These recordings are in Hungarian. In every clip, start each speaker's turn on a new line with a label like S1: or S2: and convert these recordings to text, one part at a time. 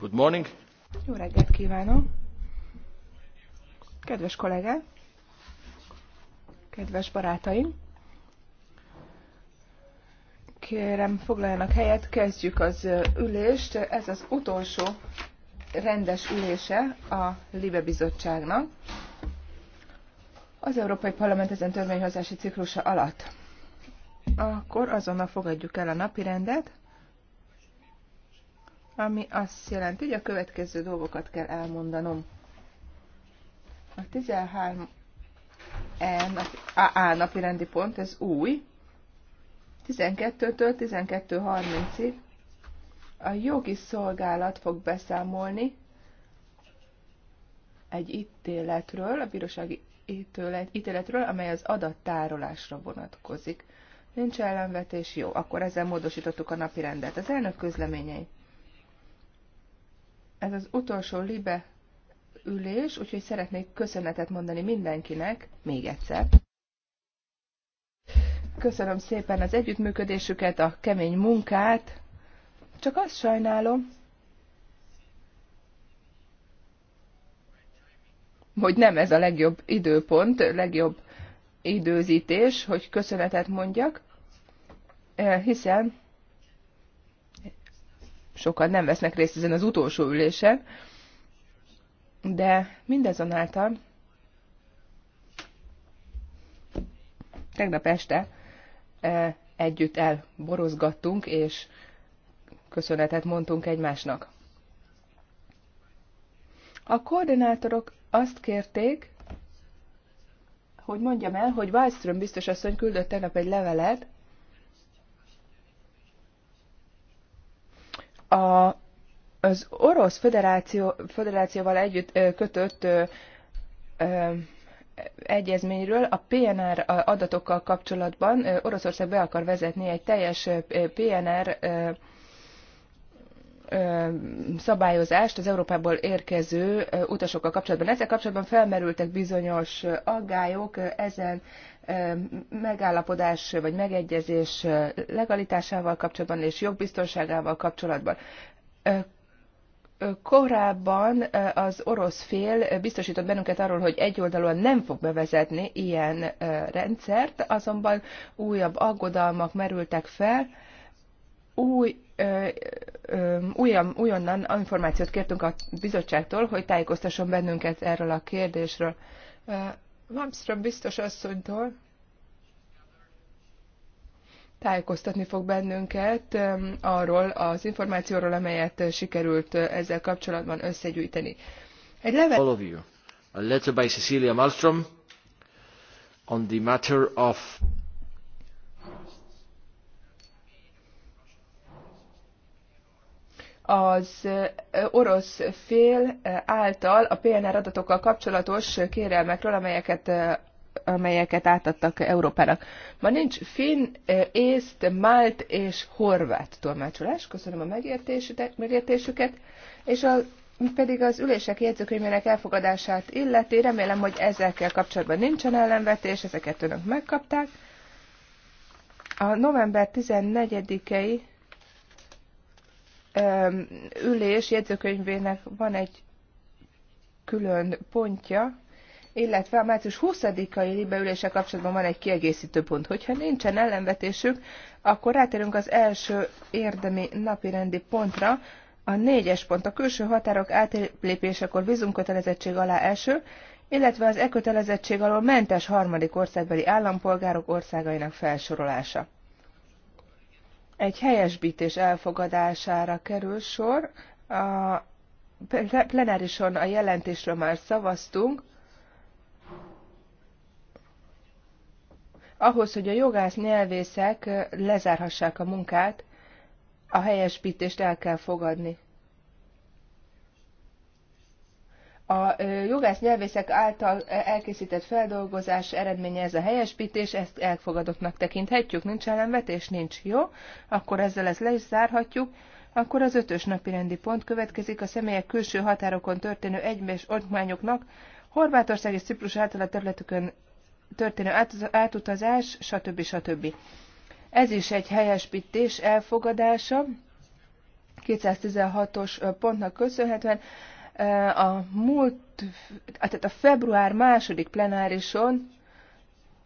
S1: Good morning.
S2: Jó reggelt kívánok. Kedves kollégák, kedves barátaim, kérem foglaljanak helyet, kezdjük az ülést. Ez az utolsó rendes ülése a Libe Bizottságnak az Európai Parlament ezen törvényhozási ciklusa alatt. Akkor azonnal fogadjuk el a napi rendet ami azt jelenti, hogy a következő dolgokat kell elmondanom. A 13 e napi, napi rendi pont, ez új. 12-től 12.30-ig a jogi szolgálat fog beszámolni egy ítéletről, a bírósági ítélet, ítéletről, amely az adattárolásra vonatkozik. Nincs ellenvetés? Jó, akkor ezzel módosítottuk a napi rendet. Az elnök közleményei ez az utolsó libe ülés, úgyhogy szeretnék köszönetet mondani mindenkinek, még egyszer. Köszönöm szépen az együttműködésüket, a kemény munkát. Csak azt sajnálom, hogy nem ez a legjobb időpont, legjobb időzítés, hogy köszönetet mondjak, eh, hiszen sokan nem vesznek részt ezen az utolsó ülésen, de mindezonáltal tegnap este e, együtt elborozgattunk, és köszönetet mondtunk egymásnak. A koordinátorok azt kérték, hogy mondjam el, hogy Wallström biztos asszony küldött tegnap egy levelet, a, az Orosz Föderáció, Föderációval együtt kötött ö, ö, egyezményről a PNR adatokkal kapcsolatban Oroszország be akar vezetni egy teljes PNR ö, szabályozást az Európából érkező utasokkal kapcsolatban. Ezzel kapcsolatban felmerültek bizonyos aggályok, ezen megállapodás vagy megegyezés legalitásával kapcsolatban és jogbiztonságával kapcsolatban. Korábban az orosz fél biztosított bennünket arról, hogy egyoldalúan nem fog bevezetni ilyen rendszert, azonban újabb aggodalmak merültek fel, új, ö, ö, újam, újonnan információt kértünk a bizottságtól, hogy tájékoztasson bennünket erről a kérdésről. Malmström biztos asszonytól tájékoztatni fog bennünket um, arról az információról, amelyet sikerült uh, ezzel kapcsolatban összegyűjteni. Egy level... All of you.
S1: A letter by Cecilia Malmström on the matter of
S2: az orosz fél által a PNR adatokkal kapcsolatos kérelmekről, amelyeket amelyeket átadtak Európának. Ma nincs finn, észt, mált és horvát tolmácsolás. Köszönöm a megértésüket, és a, pedig az ülések jegyzőkönyvének elfogadását illeti. Remélem, hogy ezekkel kapcsolatban nincsen ellenvetés, ezeket önök megkapták. A november 14 ei ülés jegyzőkönyvének van egy külön pontja, illetve a március 20-ai libeülése kapcsolatban van egy kiegészítő pont. Hogyha nincsen ellenvetésük, akkor rátérünk az első érdemi napirendi pontra, a négyes pont a külső határok átlépésekor vízumkötelezettség alá eső, illetve az e kötelezettség alól mentes harmadik országbeli állampolgárok országainak felsorolása egy helyesbítés elfogadására kerül sor. A plenárison a jelentésről már szavaztunk, ahhoz, hogy a jogász nyelvészek lezárhassák a munkát, a helyesbítést el kell fogadni. A jogász nyelvészek által elkészített feldolgozás eredménye ez a helyesbítés, ezt elfogadottnak tekinthetjük, nincs ellenvetés, nincs jó, akkor ezzel ezt le is zárhatjuk. Akkor az ötös napi rendi pont következik a személyek külső határokon történő egymás ormányoknak, Horvátország és Ciprus által a területükön történő átutazás, stb. stb. Ez is egy helyesbítés elfogadása, 216-os pontnak köszönhetően a múlt, tehát a február második plenárison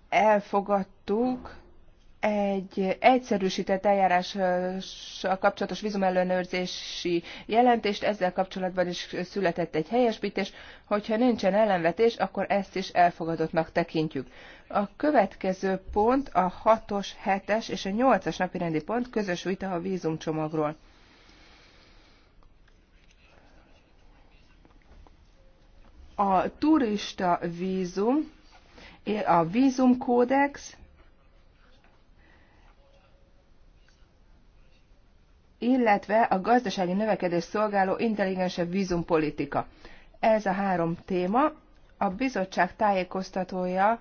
S2: elfogadtuk egy egyszerűsített eljárással kapcsolatos vízumellenőrzési jelentést, ezzel kapcsolatban is született egy helyesbítés, hogyha nincsen ellenvetés, akkor ezt is elfogadottnak tekintjük. A következő pont a 6-os, 7-es és a 8-as napirendi pont közös vita a vízumcsomagról. a turista vízum, a vízumkódex, illetve a gazdasági növekedés szolgáló intelligensebb vízumpolitika. Ez a három téma. A bizottság tájékoztatója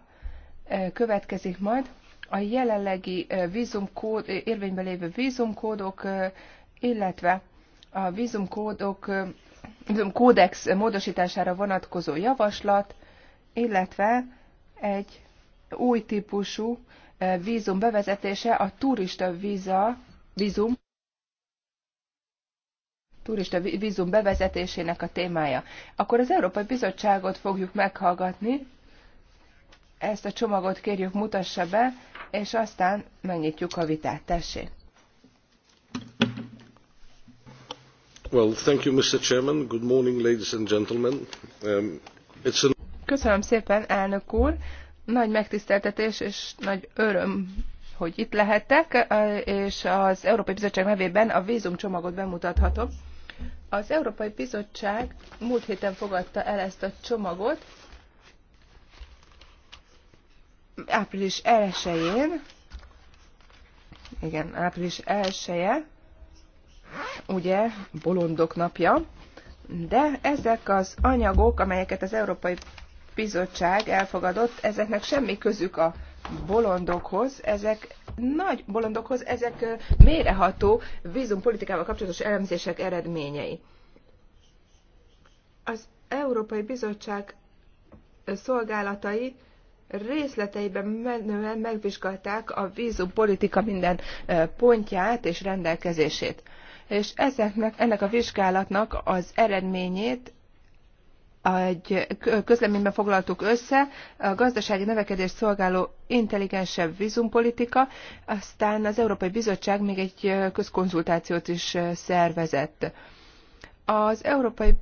S2: következik majd. A jelenlegi vízumkód, érvényben lévő vízumkódok, illetve a vízumkódok kódex módosítására vonatkozó javaslat, illetve egy új típusú e, vízum bevezetése, a turista víza, vízum, turista vízum bevezetésének a témája. Akkor az Európai Bizottságot fogjuk meghallgatni, ezt a csomagot kérjük mutassa be, és aztán megnyitjuk a vitát. Tessék! Köszönöm szépen, elnök úr. Nagy megtiszteltetés és nagy öröm hogy itt lehetek, és az Európai Bizottság nevében a vzumcsomagot bemutathatom. Az Európai Bizottság múlt héten fogadta el ezt a csomagot, április 1-én, igen, április 1 -e, ugye, bolondok napja, de ezek az anyagok, amelyeket az Európai Bizottság elfogadott, ezeknek semmi közük a bolondokhoz, ezek nagy bolondokhoz, ezek méreható vízumpolitikával kapcsolatos elemzések eredményei. Az Európai Bizottság szolgálatai részleteiben menően megvizsgálták a vízumpolitika minden pontját és rendelkezését és ezeknek, ennek a vizsgálatnak az eredményét egy közleményben foglaltuk össze, a gazdasági növekedést szolgáló intelligensebb vízumpolitika, aztán az Európai Bizottság még egy közkonzultációt is szervezett. Az Európai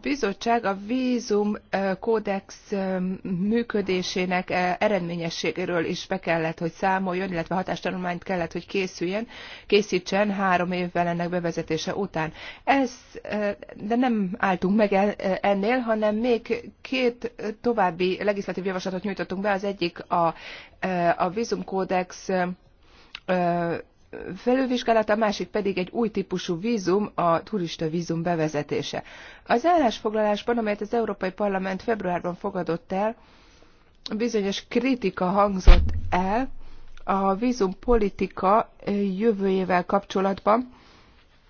S2: bizottság a vízum kódex működésének eredményességéről is be kellett, hogy számoljon, illetve hatástanulmányt kellett, hogy készüljen, készítsen három évvel ennek bevezetése után. Ez, de nem álltunk meg ennél, hanem még két további legislatív javaslatot nyújtottunk be, az egyik a, a vízumkódex felülvizsgálat, a másik pedig egy új típusú vízum, a turista vízum bevezetése. Az állásfoglalásban, amelyet az Európai Parlament februárban fogadott el, bizonyos kritika hangzott el a vízum politika eh, jövőjével kapcsolatban,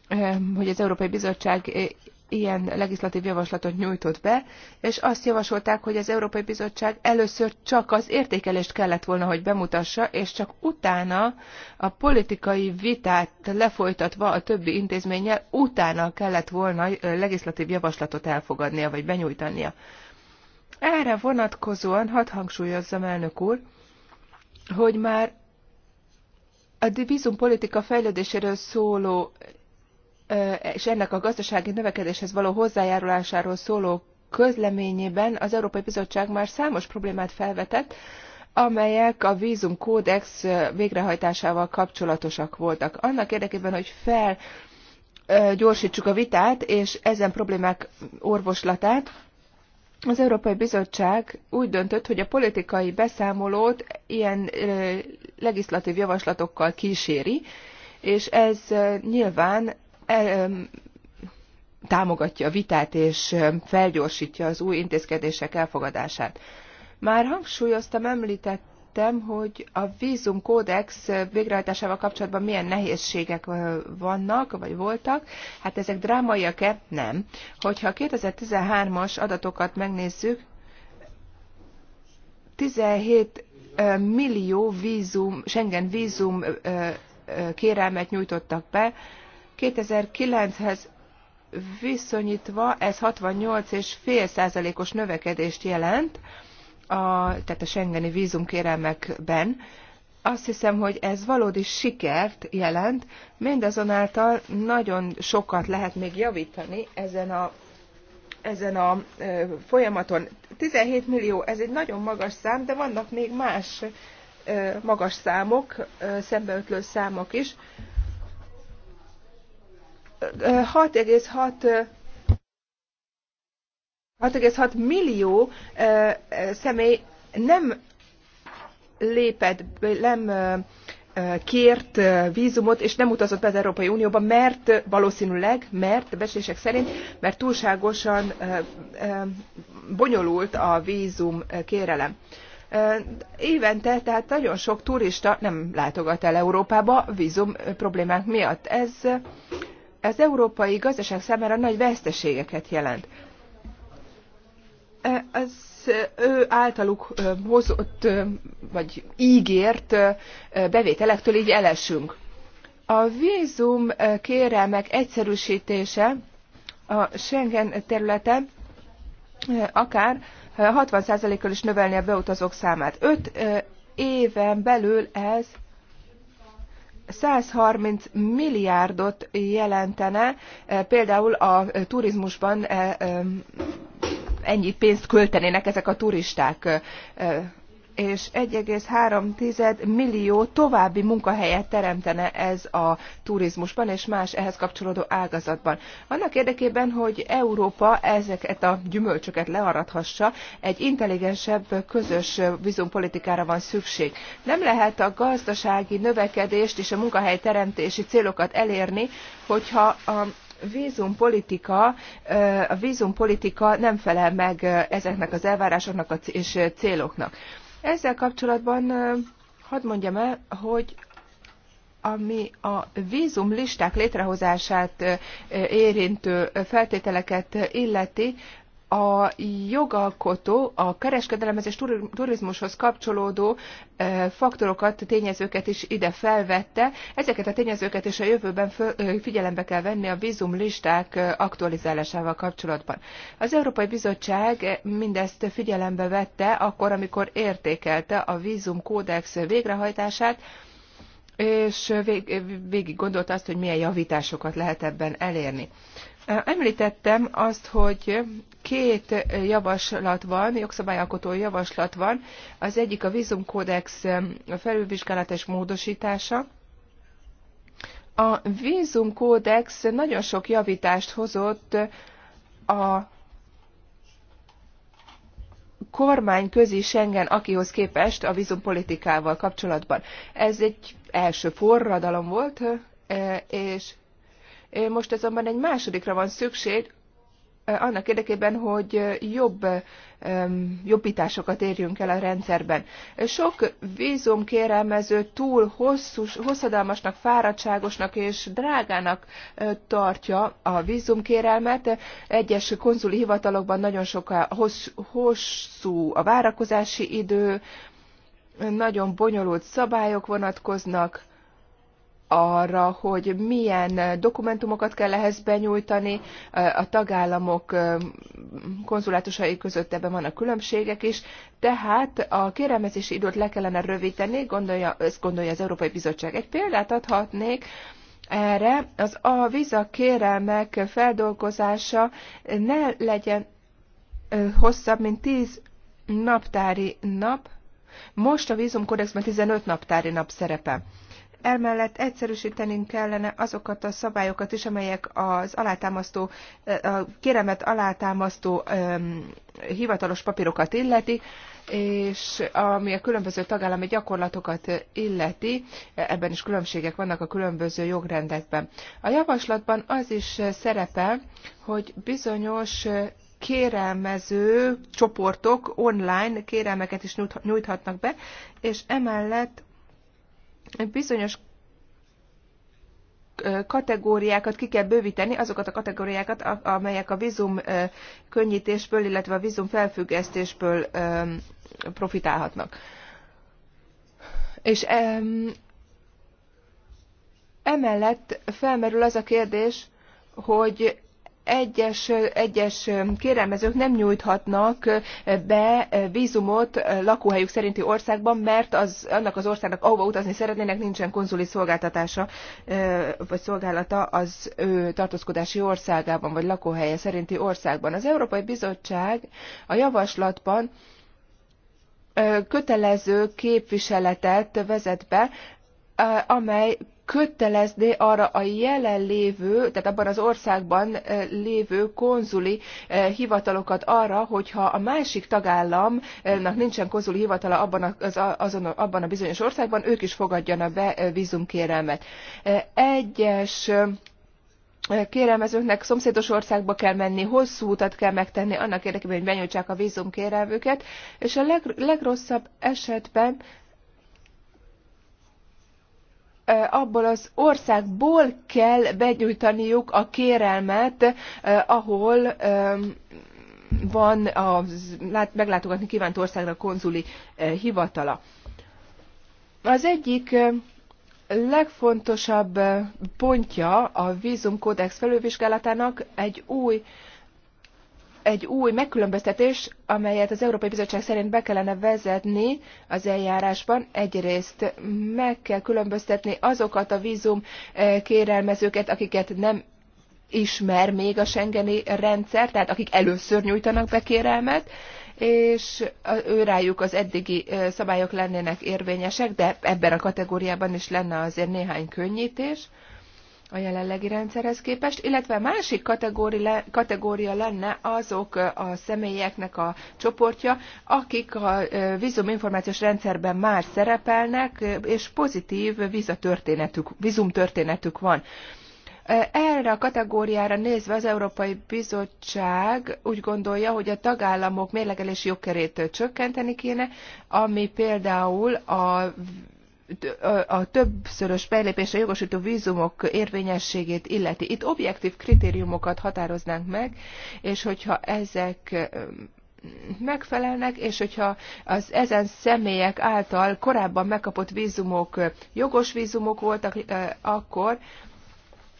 S2: eh, hogy az Európai Bizottság eh, ilyen legislatív javaslatot nyújtott be, és azt javasolták, hogy az Európai Bizottság először csak az értékelést kellett volna, hogy bemutassa, és csak utána a politikai vitát lefolytatva a többi intézménnyel, utána kellett volna legislatív javaslatot elfogadnia vagy benyújtania. Erre vonatkozóan hadd hangsúlyozzam, elnök úr, hogy már a vízumpolitika fejlődéséről szóló és ennek a gazdasági növekedéshez való hozzájárulásáról szóló közleményében az Európai Bizottság már számos problémát felvetett, amelyek a vízumkódex végrehajtásával kapcsolatosak voltak. Annak érdekében, hogy felgyorsítsuk a vitát és ezen problémák orvoslatát, az Európai Bizottság úgy döntött, hogy a politikai beszámolót ilyen legislatív javaslatokkal kíséri, és ez nyilván E, e, támogatja a vitát és e, felgyorsítja az új intézkedések elfogadását. Már hangsúlyoztam, említettem, hogy a vízumkódex végrehajtásával kapcsolatban milyen nehézségek vannak, vagy voltak. Hát ezek drámaiak-e? Nem. Hogyha a 2013-as adatokat megnézzük, 17 millió vízum, Schengen vízum kérelmet nyújtottak be, 2009-hez viszonyítva ez 68,5 százalékos növekedést jelent, a, tehát a Schengeni vízumkérelmekben. Azt hiszem, hogy ez valódi sikert jelent, mindazonáltal nagyon sokat lehet még javítani ezen a ezen a folyamaton. 17 millió, ez egy nagyon magas szám, de vannak még más magas számok, szembeötlő számok is. 6,6 millió személy nem lépett, nem kért vízumot, és nem utazott be az Európai Unióba, mert valószínűleg, mert beszések szerint, mert túlságosan bonyolult a vízum kérelem. Évente tehát nagyon sok turista nem látogat el Európába vízum problémák miatt. Ez az európai gazdaság számára nagy veszteségeket jelent. E, az ő általuk hozott, vagy ígért bevételektől így elesünk. A vízum kérelmek egyszerűsítése a Schengen területen akár 60%-kal is növelni a beutazók számát. Öt éven belül ez 130 milliárdot jelentene eh, például a eh, turizmusban eh, ennyi pénzt költenének ezek a turisták és 1,3 millió további munkahelyet teremtene ez a turizmusban és más ehhez kapcsolódó ágazatban. Annak érdekében, hogy Európa ezeket a gyümölcsöket learathassa, egy intelligensebb közös vízumpolitikára van szükség. Nem lehet a gazdasági növekedést és a munkahelyteremtési célokat elérni, hogyha a vízumpolitika, a vízumpolitika nem felel meg ezeknek az elvárásoknak és céloknak. Ezzel kapcsolatban hadd mondjam el, hogy ami a vízum listák létrehozását érintő feltételeket illeti, a jogalkotó a kereskedelemhez és turizmushoz kapcsolódó e, faktorokat, tényezőket is ide felvette. Ezeket a tényezőket is a jövőben e, figyelembe kell venni a vízumlisták e, aktualizálásával kapcsolatban. Az Európai Bizottság mindezt figyelembe vette akkor, amikor értékelte a vízumkódex végrehajtását, és vég, végig gondolta azt, hogy milyen javításokat lehet ebben elérni. Említettem azt, hogy két javaslat van, jogszabályalkotó javaslat van. Az egyik a vízumkódex felülvizsgálata és módosítása. A vízumkódex nagyon sok javítást hozott a kormányközi Schengen akihoz képest a vízumpolitikával kapcsolatban. Ez egy első forradalom volt, e, és e, most azonban egy másodikra van szükség, annak érdekében, hogy jobb jobbításokat érjünk el a rendszerben. Sok vízumkérelmező túl hosszú, hosszadalmasnak, fáradtságosnak és drágának tartja a vízumkérelmet. Egyes konzuli hivatalokban nagyon a hosszú a várakozási idő, nagyon bonyolult szabályok vonatkoznak arra, hogy milyen dokumentumokat kell ehhez benyújtani, a tagállamok konzulátusai között ebben vannak különbségek is, tehát a kérelmezési időt le kellene rövidíteni, gondolja, ezt gondolja az Európai Bizottság. Egy példát adhatnék, erre az a víza kérelmek feldolgozása ne legyen hosszabb, mint 10 naptári nap. Most a vízumkódexben 15 naptári nap szerepel. Emellett egyszerűsítenünk kellene azokat a szabályokat is, amelyek az alátámasztó, a kéremet alátámasztó hivatalos papírokat illeti, és ami a különböző tagállami gyakorlatokat illeti, ebben is különbségek vannak a különböző jogrendekben. A javaslatban az is szerepel, hogy bizonyos kérelmező csoportok online kérelmeket is nyújthatnak be, és emellett bizonyos kategóriákat ki kell bővíteni, azokat a kategóriákat, amelyek a vízum könnyítésből, illetve a vízum felfüggesztésből profitálhatnak. És emellett felmerül az a kérdés, hogy egyes, egyes kérelmezők nem nyújthatnak be vízumot lakóhelyük szerinti országban, mert az, annak az országnak, ahova utazni szeretnének, nincsen konzuli szolgáltatása vagy szolgálata az ő tartózkodási országában, vagy lakóhelye szerinti országban. Az Európai Bizottság a javaslatban kötelező képviseletet vezet be, amely kötelezné arra a jelenlévő, tehát abban az országban eh, lévő konzuli eh, hivatalokat arra, hogyha a másik tagállamnak nincsen konzuli hivatala abban, az, azon, abban a bizonyos országban, ők is fogadjanak be eh, vízumkérelmet. Egyes kérelmezőknek szomszédos országba kell menni, hosszú utat kell megtenni annak érdekében, hogy benyújtsák a vízumkérelmüket, és a leg, legrosszabb esetben abból az országból kell begyújtaniuk a kérelmet, ahol van a meglátogatni kívánt országra konzuli hivatala. Az egyik legfontosabb pontja a vízumkódex felülvizsgálatának egy új egy új megkülönböztetés, amelyet az Európai Bizottság szerint be kellene vezetni az eljárásban. Egyrészt meg kell különböztetni azokat a vízum eh, kérelmezőket, akiket nem ismer még a Schengeni rendszer, tehát akik először nyújtanak be kérelmet, és őrájuk az eddigi eh, szabályok lennének érvényesek, de ebben a kategóriában is lenne azért néhány könnytés a jelenlegi rendszerhez képest, illetve másik kategória, kategória lenne azok a személyeknek a csoportja, akik a vízuminformációs rendszerben már szerepelnek, és pozitív vízatörténetük, vízumtörténetük van. Erre a kategóriára nézve az Európai Bizottság úgy gondolja, hogy a tagállamok mérlegelési jogkerét csökkenteni kéne, ami például a a többszörös fejlépésre jogosító vízumok érvényességét illeti. Itt objektív kritériumokat határoznánk meg, és hogyha ezek megfelelnek, és hogyha az ezen személyek által korábban megkapott vízumok jogos vízumok voltak, akkor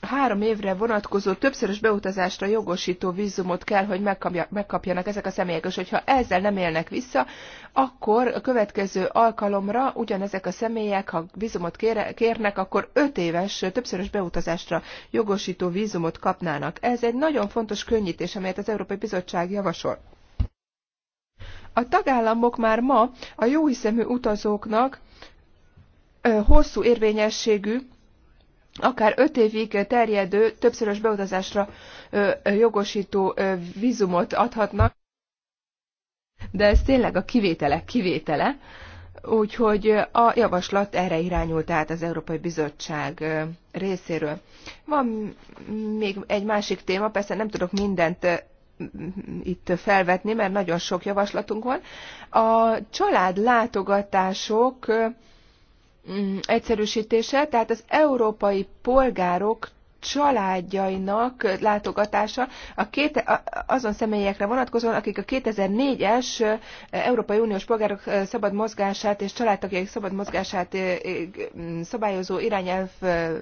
S2: három évre vonatkozó többszörös beutazásra jogosító vízumot kell, hogy megkapja, megkapjanak ezek a személyek, és hogyha ezzel nem élnek vissza, akkor a következő alkalomra ugyanezek a személyek, ha vízumot kérnek, akkor öt éves többszörös beutazásra jogosító vízumot kapnának. Ez egy nagyon fontos könnyítés, amelyet az Európai Bizottság javasol. A tagállamok már ma a jóhiszemű utazóknak hosszú érvényességű akár öt évig terjedő, többszörös beutazásra jogosító vízumot adhatnak, de ez tényleg a kivételek kivétele, úgyhogy a javaslat erre irányult át az Európai Bizottság részéről. Van még egy másik téma, persze nem tudok mindent itt felvetni, mert nagyon sok javaslatunk van. A család látogatások Mm, egyszerűsítése, tehát az európai polgárok családjainak látogatása a két, azon személyekre vonatkozóan, akik a 2004-es Európai Uniós polgárok szabad mozgását és családtagjaik szabad mozgását szabályozó irányelvre,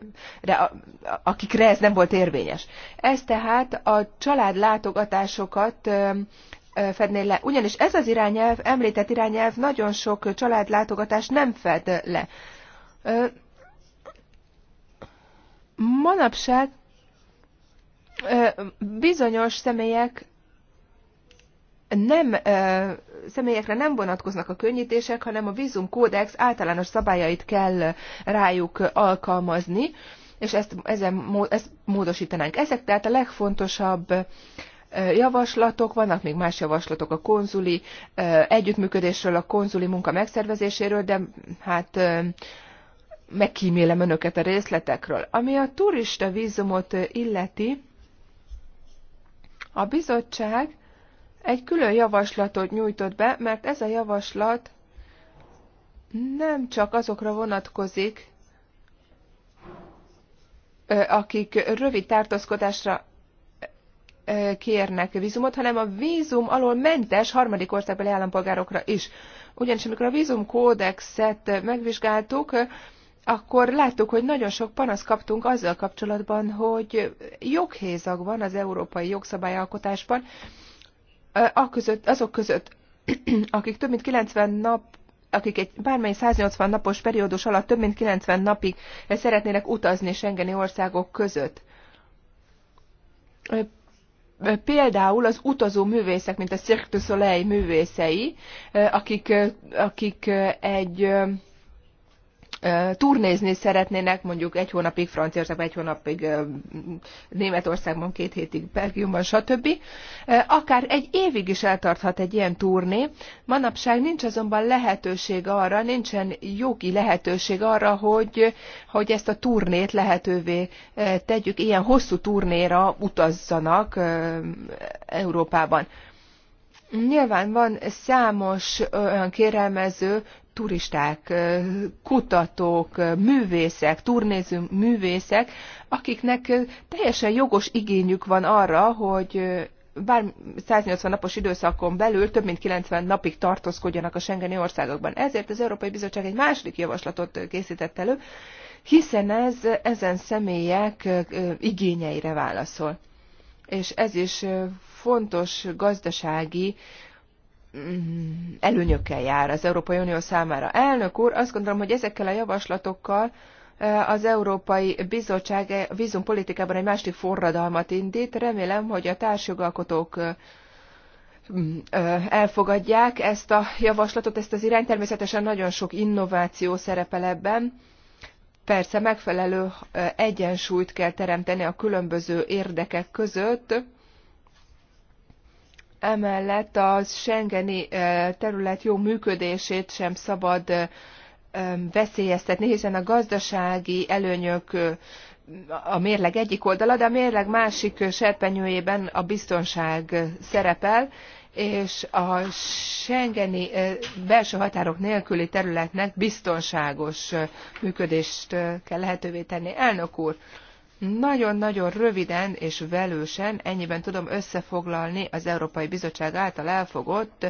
S2: akikre ez nem volt érvényes. Ez tehát a család látogatásokat fedné le. Ugyanis ez az irányelv, említett irányelv nagyon sok családlátogatást nem fed le. Manapság bizonyos személyek nem személyekre nem vonatkoznak a könnyítések, hanem a vízumkódex általános szabályait kell rájuk alkalmazni, és ezt, ezen, ezt módosítanánk. Ezek tehát a legfontosabb javaslatok, vannak még más javaslatok a konzuli együttműködésről, a konzuli munka megszervezéséről, de hát megkímélem önöket a részletekről. Ami a turista vízumot illeti, a bizottság egy külön javaslatot nyújtott be, mert ez a javaslat nem csak azokra vonatkozik, akik rövid tartózkodásra kérnek vízumot, hanem a vízum alól mentes harmadik országbeli állampolgárokra is. Ugyanis amikor a vízumkódexet megvizsgáltuk, akkor láttuk, hogy nagyon sok panaszt kaptunk azzal kapcsolatban, hogy joghézag van az európai jogszabályalkotásban között, azok között, akik több mint 90 nap akik egy bármely 180 napos periódus alatt több mint 90 napig szeretnének utazni Schengeni országok között például az utazó művészek, mint a Cirque du Soleil művészei, eh, akik, eh, akik eh, egy turnézni szeretnének, mondjuk egy hónapig Franciaországban, egy hónapig Németországban, két hétig Belgiumban, stb. Akár egy évig is eltarthat egy ilyen turné. Manapság nincs azonban lehetőség arra, nincsen jogi lehetőség arra, hogy, hogy ezt a turnét lehetővé tegyük, ilyen hosszú turnéra utazzanak Európában. Nyilván van számos olyan kérelmező, turisták, kutatók, művészek, turnéző művészek, akiknek teljesen jogos igényük van arra, hogy bár 180 napos időszakon belül több mint 90 napig tartózkodjanak a Schengeni országokban. Ezért az Európai Bizottság egy második javaslatot készített elő, hiszen ez ezen személyek igényeire válaszol és ez is fontos gazdasági mm, előnyökkel jár az Európai Unió számára. Elnök úr, azt gondolom, hogy ezekkel a javaslatokkal az Európai Bizottság e vízumpolitikában egy másik forradalmat indít. Remélem, hogy a társjogalkotók mm, elfogadják ezt a javaslatot, ezt az irányt. Természetesen nagyon sok innováció szerepel ebben Persze megfelelő egyensúlyt kell teremteni a különböző érdekek között, emellett a Schengeni terület jó működését sem szabad veszélyeztetni, hiszen a gazdasági előnyök a mérleg egyik oldala, de a mérleg másik serpenyőjében a biztonság szerepel, és a Schengeni belső határok nélküli területnek biztonságos működést kell lehetővé tenni. Elnök úr, nagyon-nagyon röviden és velősen ennyiben tudom összefoglalni az Európai Bizottság által elfogott,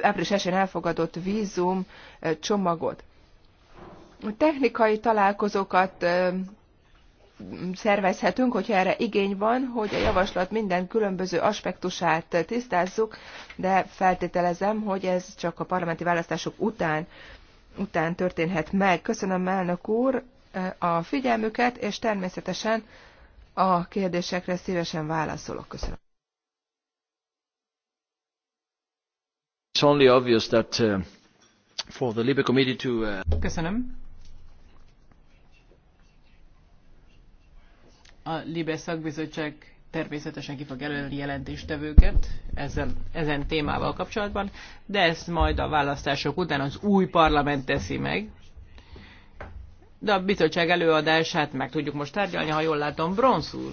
S2: április 1 elfogadott vízum csomagot. A technikai találkozókat szervezhetünk, hogyha erre igény van, hogy a javaslat minden különböző aspektusát tisztázzuk, de feltételezem, hogy ez csak a parlamenti választások után, után történhet meg. Köszönöm, elnök úr, a figyelmüket, és természetesen a kérdésekre szívesen válaszolok. Köszönöm.
S1: It's only obvious that uh, for the Committee to uh...
S2: Köszönöm
S3: A Libe szakbizottság természetesen ki fog jelölni jelentéstevőket ezen, ezen témával kapcsolatban, de ezt majd a választások után az új parlament teszi meg. De a bizottság előadását meg tudjuk most tárgyalni, ha jól látom, Bronz úr,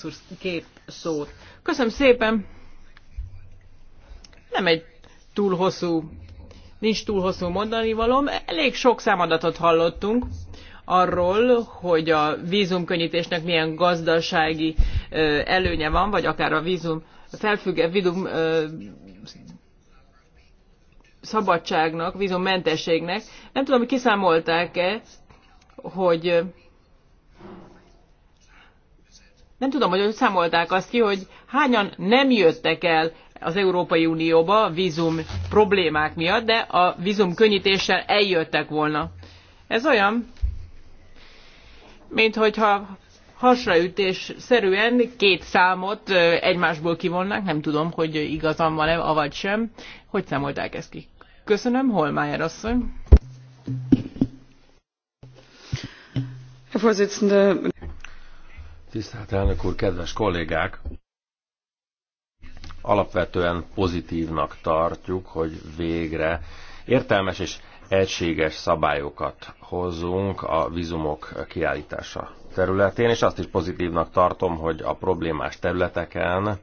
S3: kép két szót. Köszönöm szépen! Nem egy túl hosszú, nincs túl hosszú mondani valom, elég sok számadatot hallottunk, arról, hogy a vízumkönnyítésnek milyen gazdasági előnye van, vagy akár a vízum felfügge, vízum szabadságnak, vízummentességnek. Nem tudom, hogy kiszámolták-e, hogy nem tudom, hogy számolták azt ki, hogy hányan nem jöttek el az Európai Unióba vízum problémák miatt, de a vízum könnyítéssel eljöttek volna. Ez olyan, mint hogyha hasraütés szerűen két számot egymásból kivonnak, nem tudom, hogy igazam van-e, avagy sem. Hogy számolták ezt ki? Köszönöm, Holmájer asszony.
S1: Tisztelt elnök úr, kedves kollégák! Alapvetően pozitívnak tartjuk, hogy végre értelmes és egységes szabályokat hozzunk a vízumok kiállítása területén, és azt is pozitívnak tartom, hogy a problémás területeken,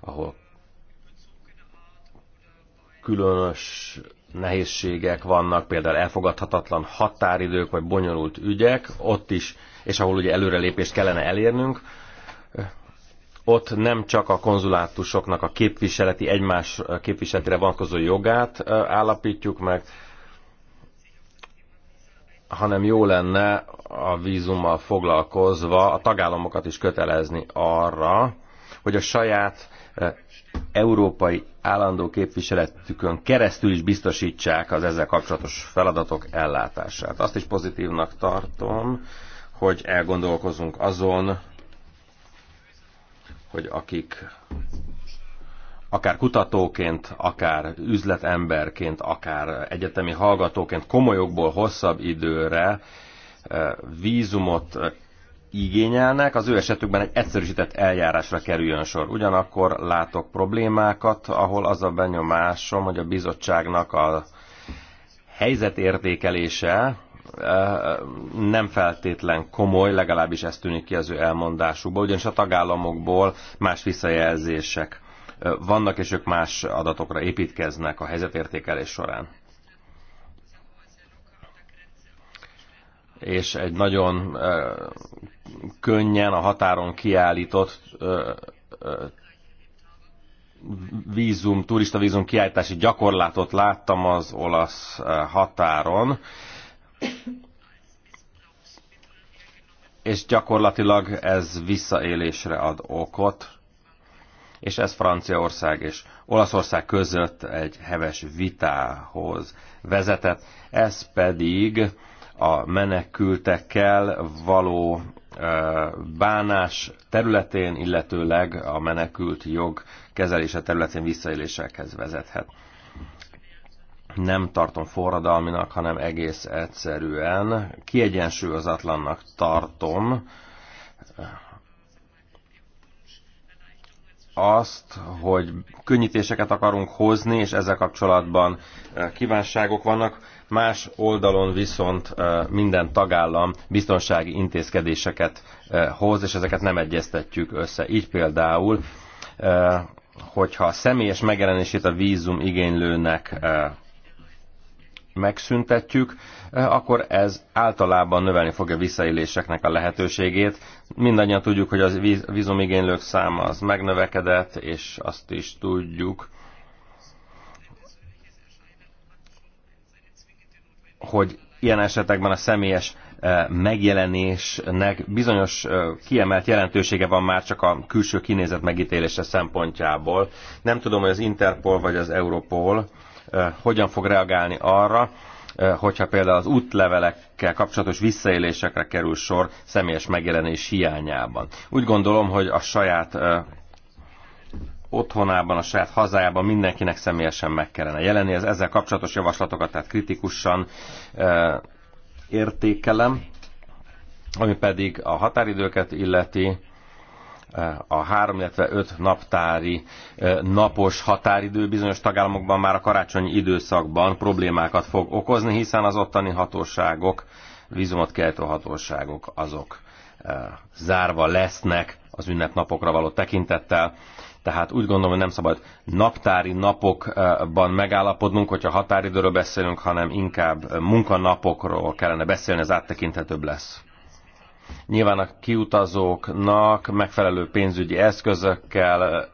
S1: ahol különös nehézségek vannak, például elfogadhatatlan határidők vagy bonyolult ügyek, ott is, és ahol ugye előrelépést kellene elérnünk, ott nem csak a konzulátusoknak a képviseleti, egymás képviseletére vonatkozó jogát állapítjuk meg, hanem jó lenne a vízummal foglalkozva a tagállamokat is kötelezni arra, hogy a saját e, európai állandó képviseletükön keresztül is biztosítsák az ezzel kapcsolatos feladatok ellátását. Azt is pozitívnak tartom, hogy elgondolkozunk azon, hogy akik akár kutatóként, akár üzletemberként, akár egyetemi hallgatóként komolyokból hosszabb időre eh, vízumot eh, igényelnek, az ő esetükben egy egyszerűsített eljárásra kerüljön sor. Ugyanakkor látok problémákat, ahol az a benyomásom, hogy a bizottságnak a helyzetértékelése eh, nem feltétlen komoly, legalábbis ez tűnik ki az ő elmondásukból, ugyanis a tagállamokból más visszajelzések vannak, és ők más adatokra építkeznek a helyzetértékelés során. És egy nagyon könnyen a határon kiállított vízum, turista vízum kiállítási gyakorlatot láttam az olasz határon és gyakorlatilag ez visszaélésre ad okot és ez Franciaország és Olaszország között egy heves vitához vezetett. Ez pedig a menekültekkel való bánás területén, illetőleg a menekült jog kezelése területén visszaélésekhez vezethet. Nem tartom forradalminak, hanem egész egyszerűen kiegyensúlyozatlannak tartom azt, hogy könnyítéseket akarunk hozni, és ezzel kapcsolatban e, kívánságok vannak. Más oldalon viszont e, minden tagállam biztonsági intézkedéseket e, hoz, és ezeket nem egyeztetjük össze. Így például, hogyha személyes megjelenését a vízum igénylőnek megszüntetjük, eh, akkor ez általában növelni fogja visszaéléseknek a lehetőségét. Mindannyian tudjuk, hogy az vízumigénylők száma az megnövekedett, és azt is tudjuk, hogy ilyen esetekben a személyes eh, megjelenésnek bizonyos eh, kiemelt jelentősége van már csak a külső kinézet megítélése szempontjából. Nem tudom, hogy az Interpol vagy az Europol Eh, hogyan fog reagálni arra, eh, hogyha például az útlevelekkel kapcsolatos visszaélésekre kerül sor személyes megjelenés hiányában. Úgy gondolom, hogy a saját eh, otthonában, a saját hazájában mindenkinek személyesen meg kellene jelenni. Ez ezzel kapcsolatos javaslatokat, tehát kritikusan e, értékelem, ami pedig a határidőket illeti, a három, illetve öt naptári napos határidő bizonyos tagállamokban már a karácsonyi időszakban problémákat fog okozni, hiszen az ottani hatóságok, vízumot keltő hatóságok azok zárva lesznek az ünnepnapokra való tekintettel. Tehát úgy gondolom, hogy nem szabad naptári napokban megállapodnunk, hogyha határidőről beszélünk, hanem inkább munkanapokról kellene beszélni, ez áttekinthetőbb lesz. Nyilván a kiutazóknak megfelelő pénzügyi eszközökkel,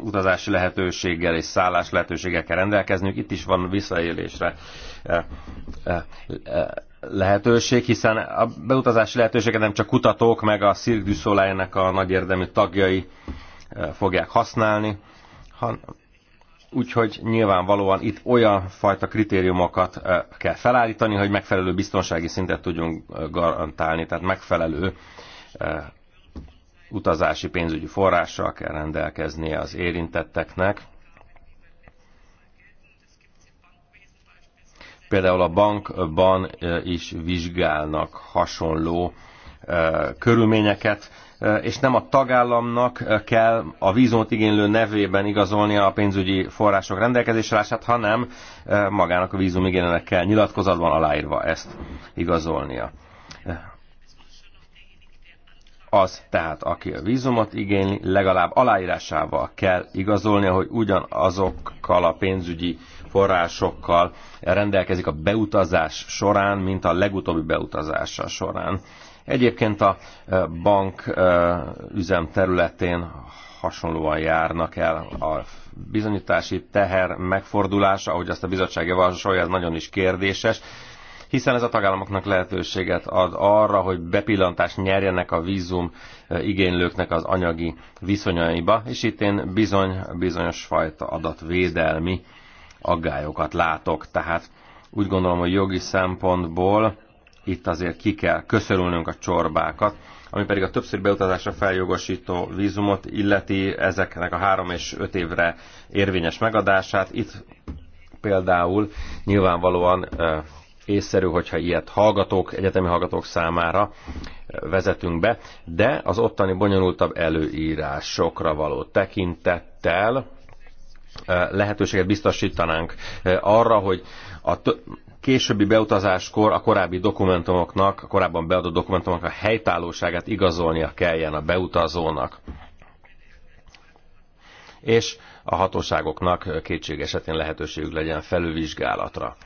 S1: utazási lehetőséggel és szállás lehetőségekkel rendelkezniük. Itt is van visszaélésre lehetőség, hiszen a beutazási lehetőséget nem csak kutatók, meg a Cirque du a nagy érdemű tagjai fogják használni, hanem Úgyhogy nyilvánvalóan itt olyan fajta kritériumokat eh, kell felállítani, hogy megfelelő biztonsági szintet tudjunk eh, garantálni, tehát megfelelő eh, utazási pénzügyi forrással kell rendelkeznie az érintetteknek. Például a bankban is vizsgálnak hasonló körülményeket, Eh, és nem a tagállamnak eh, kell a vízumot igénylő nevében igazolnia a pénzügyi források rendelkezésre állását, hanem eh, magának a vízum kell nyilatkozatban aláírva ezt igazolnia. Az tehát, aki a vízumot igényli, legalább aláírásával kell igazolnia, hogy ugyanazokkal a pénzügyi forrásokkal rendelkezik a beutazás során, mint a legutóbbi beutazása során Egyébként a e, bank e, üzem területén hasonlóan járnak el a bizonyítási teher megfordulása, ahogy azt a bizottság javasolja, ez nagyon is kérdéses hiszen ez a tagállamoknak lehetőséget ad arra, hogy bepillantást nyerjenek a vízum e, igénylőknek az anyagi viszonyaiba, és itt én bizony, bizonyos fajta adatvédelmi aggályokat látok. Tehát úgy gondolom, hogy jogi szempontból itt azért ki kell köszörülnünk a csorbákat, ami pedig a többször beutazásra feljogosító vízumot illeti ezeknek a három és öt évre érvényes megadását. Itt például nyilvánvalóan észszerű, hogyha ilyet hallgatók, egyetemi hallgatók számára vezetünk be, de az ottani bonyolultabb előírásokra való tekintettel lehetőséget biztosítanánk arra, hogy a későbbi beutazáskor a korábbi dokumentumoknak, a korábban beadott dokumentumoknak a helytállóságát igazolnia kelljen a beutazónak. És a hatóságoknak kétség esetén lehetőségük legyen felülvizsgálatra.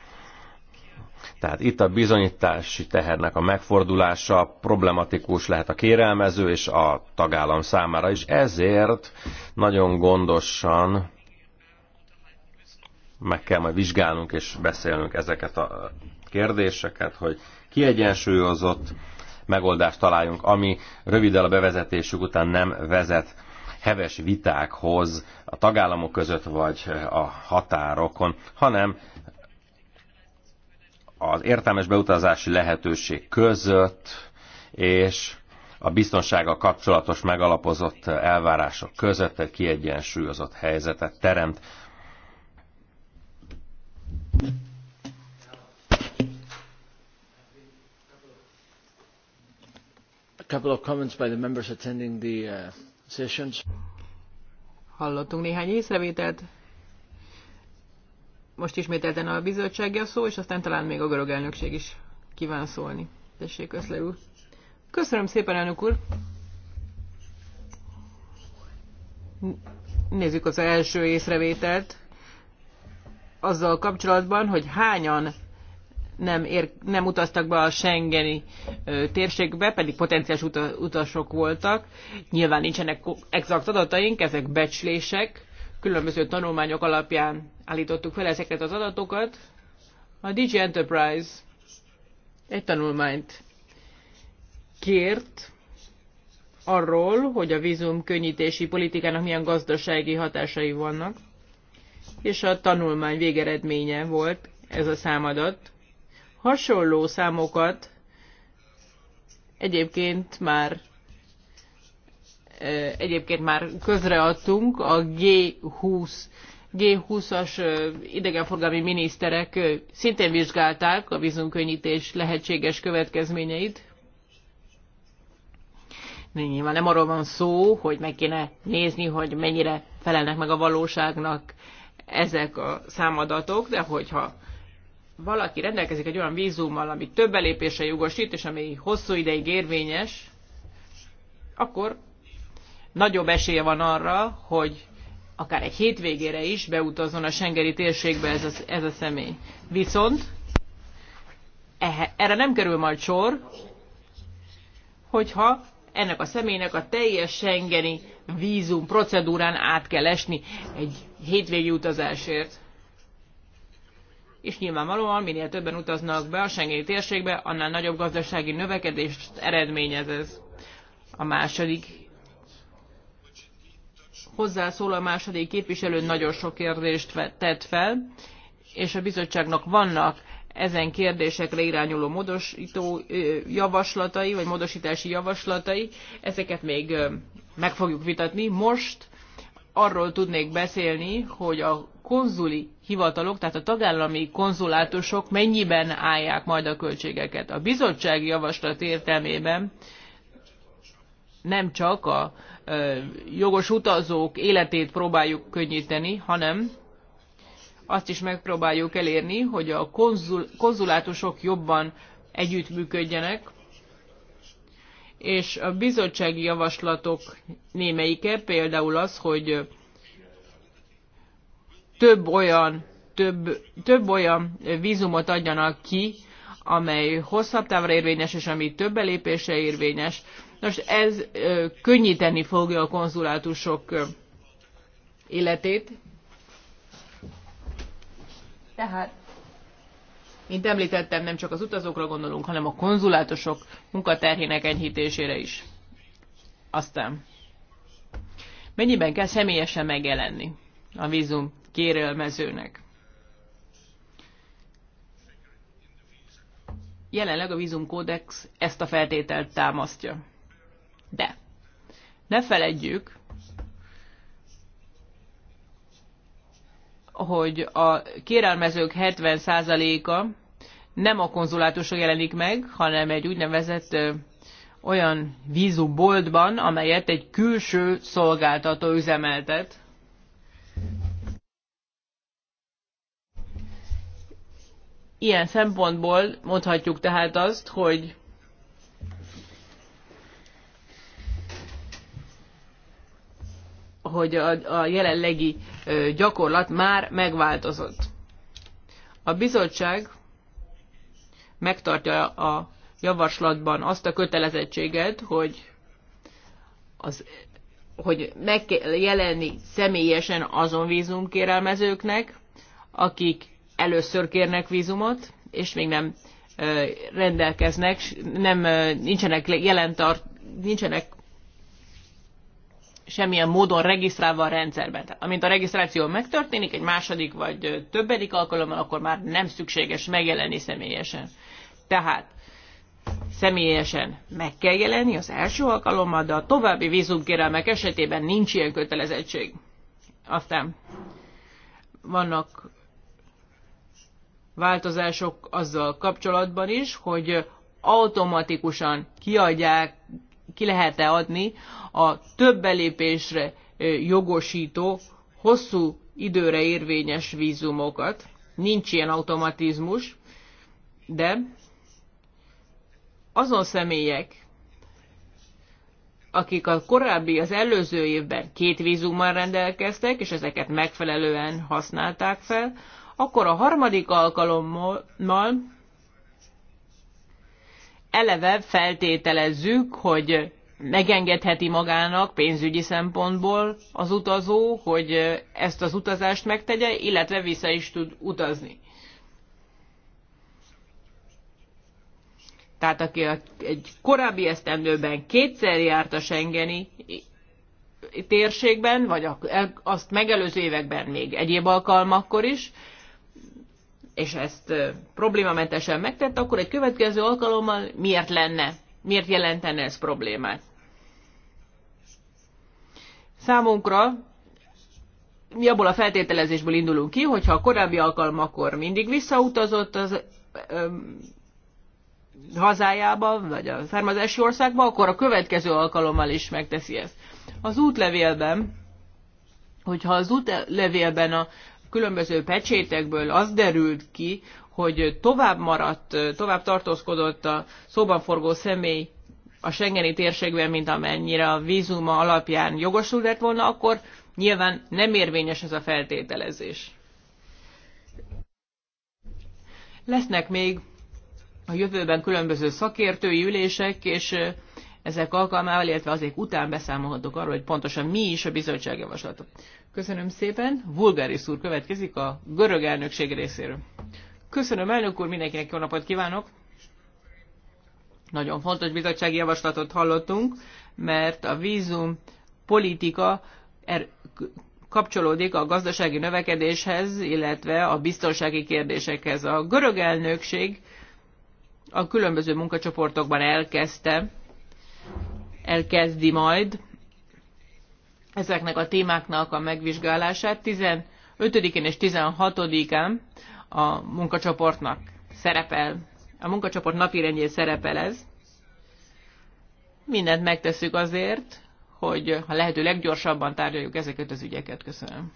S1: Tehát itt a bizonyítási tehernek a megfordulása problematikus lehet a kérelmező és a tagállam számára is. Ezért nagyon gondosan meg kell majd vizsgálnunk és beszélnünk ezeket a kérdéseket, hogy kiegyensúlyozott megoldást találjunk, ami röviddel a bevezetésük után nem vezet heves vitákhoz a tagállamok között vagy a határokon, hanem az értelmes beutazási lehetőség között és a biztonsága kapcsolatos megalapozott elvárások között egy kiegyensúlyozott helyzetet teremt
S3: couple of comments by the members attending the uh, sessions. Hallottunk néhány észrevételt. Most ismételten a bizottsági a szó, és aztán talán még a görög elnökség is kíván szólni. Tessék, Öszler úr. Köszönöm szépen, elnök úr. Nézzük az első észrevételt azzal kapcsolatban, hogy hányan nem, ér, nem utaztak be a Schengeni ö, térségbe, pedig potenciális uta, utasok voltak. Nyilván nincsenek exakt adataink, ezek becslések. Különböző tanulmányok alapján állítottuk fel ezeket az adatokat. A Digi Enterprise egy tanulmányt kért arról, hogy a vízum könnyítési politikának milyen gazdasági hatásai vannak és a tanulmány végeredménye volt ez a számadat. Hasonló számokat egyébként már egyébként már közreadtunk a G20 G20-as idegenforgalmi miniszterek szintén vizsgálták a vízumkönnyítés lehetséges következményeit. nyilván nem arról van szó, hogy meg kéne nézni, hogy mennyire felelnek meg a valóságnak ezek a számadatok, de hogyha valaki rendelkezik egy olyan vízummal, ami több belépése jogosít, és ami hosszú ideig érvényes, akkor nagyobb esélye van arra, hogy akár egy hétvégére is beutazzon a Sengeri térségbe ez a, ez a személy. Viszont erre nem kerül majd sor, hogyha ennek a személynek a teljes Schengeni vízum procedúrán át kell esni egy hétvégi utazásért. És nyilvánvalóan minél többen utaznak be a Schengeni térségbe, annál nagyobb gazdasági növekedést eredményez ez. A második hozzászól a második képviselő nagyon sok kérdést tett fel, és a bizottságnak vannak ezen kérdésekre irányuló módosító javaslatai, vagy módosítási javaslatai, ezeket még meg fogjuk vitatni. Most arról tudnék beszélni, hogy a konzuli hivatalok, tehát a tagállami konzulátusok mennyiben állják majd a költségeket. A bizottsági javaslat értelmében nem csak a jogos utazók életét próbáljuk könnyíteni, hanem azt is megpróbáljuk elérni, hogy a konzul, konzulátusok jobban együttműködjenek, és a bizottsági javaslatok némelyike, például az, hogy több olyan, több, több olyan vízumot adjanak ki, amely hosszabb távra érvényes, és ami több belépése érvényes. Nos, ez könnyíteni fogja a konzulátusok életét, tehát, mint említettem, nem csak az utazókra gondolunk, hanem a konzulátusok munkaterhének enyhítésére is. Aztán, mennyiben kell személyesen megjelenni a vízum kérelmezőnek? Jelenleg a vízumkódex ezt a feltételt támasztja. De ne feledjük, hogy a kérelmezők 70%-a nem a konzulátusok jelenik meg, hanem egy úgynevezett olyan vízumboltban, amelyet egy külső szolgáltató üzemeltet. Ilyen szempontból mondhatjuk tehát azt, hogy hogy a, a jelenlegi gyakorlat már megváltozott. A bizottság megtartja a javaslatban azt a kötelezettséget, hogy, az, hogy meg kell jelenni személyesen azon vízumkérelmezőknek, akik először kérnek vízumot, és még nem rendelkeznek, nem nincsenek jelentart, nincsenek semmilyen módon regisztrálva a rendszerben. Tehát, amint a regisztráció megtörténik, egy második vagy többedik alkalommal, akkor már nem szükséges megjelenni személyesen. Tehát személyesen meg kell jelenni az első alkalommal, de a további vízumkérelmek esetében nincs ilyen kötelezettség. Aztán vannak változások azzal kapcsolatban is, hogy automatikusan kiadják ki lehet-e adni a több belépésre jogosító, hosszú időre érvényes vízumokat. Nincs ilyen automatizmus, de azon személyek, akik a korábbi, az előző évben két vízummal rendelkeztek, és ezeket megfelelően használták fel, akkor a harmadik alkalommal eleve feltételezzük, hogy megengedheti magának pénzügyi szempontból az utazó, hogy ezt az utazást megtegye, illetve vissza is tud utazni. Tehát aki egy korábbi esztendőben kétszer járt a Schengeni térségben, vagy azt megelőző években még egyéb alkalmakkor is, és ezt problémamentesen megtette, akkor egy következő alkalommal miért lenne, miért jelentene ez problémát? Számunkra mi abból a feltételezésből indulunk ki, hogyha a korábbi alkalmakor mindig visszautazott az ö, hazájába, vagy a származási országba, akkor a következő alkalommal is megteszi ezt. Az útlevélben, hogyha az útlevélben a különböző pecsétekből az derült ki, hogy tovább maradt, tovább tartózkodott a szóban forgó személy a Schengeni térségben, mint amennyire a vízuma alapján jogosult lett volna, akkor nyilván nem érvényes ez a feltételezés. Lesznek még a jövőben különböző szakértői ülések, és ezek alkalmával, illetve azért után beszámolhatok arról, hogy pontosan mi is a bizottság javaslata. Köszönöm szépen. Vulgáris úr következik a görög elnökség részéről. Köszönöm, elnök úr, mindenkinek jó napot kívánok! Nagyon fontos bizottsági javaslatot hallottunk, mert a vízum politika er kapcsolódik a gazdasági növekedéshez, illetve a biztonsági kérdésekhez. A görög elnökség a különböző munkacsoportokban elkezdte elkezdi majd ezeknek a témáknak a megvizsgálását. 15-én és 16-án a munkacsoportnak szerepel, a munkacsoport napirendjén szerepel ez. Mindent megteszünk azért, hogy a lehető leggyorsabban tárgyaljuk ezeket az ügyeket. Köszönöm.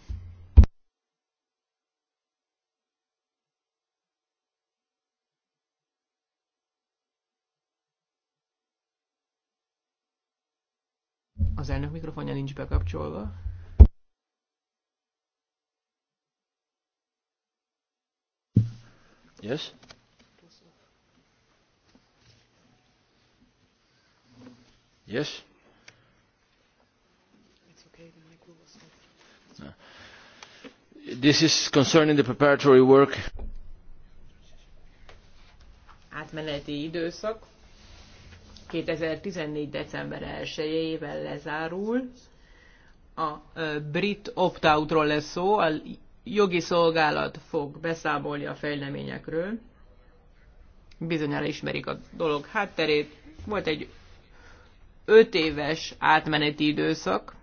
S3: Az elnök mikrofonja nincs bekapcsolva.
S1: Yes? Yes? This is concerning the preparatory work.
S3: Átmeneti időszak. 2014. december 1-ével lezárul. A brit opt-outról lesz szó, a jogi szolgálat fog beszámolni a fejleményekről. Bizonyára ismerik a dolog hátterét. Volt egy 5 éves átmeneti időszak,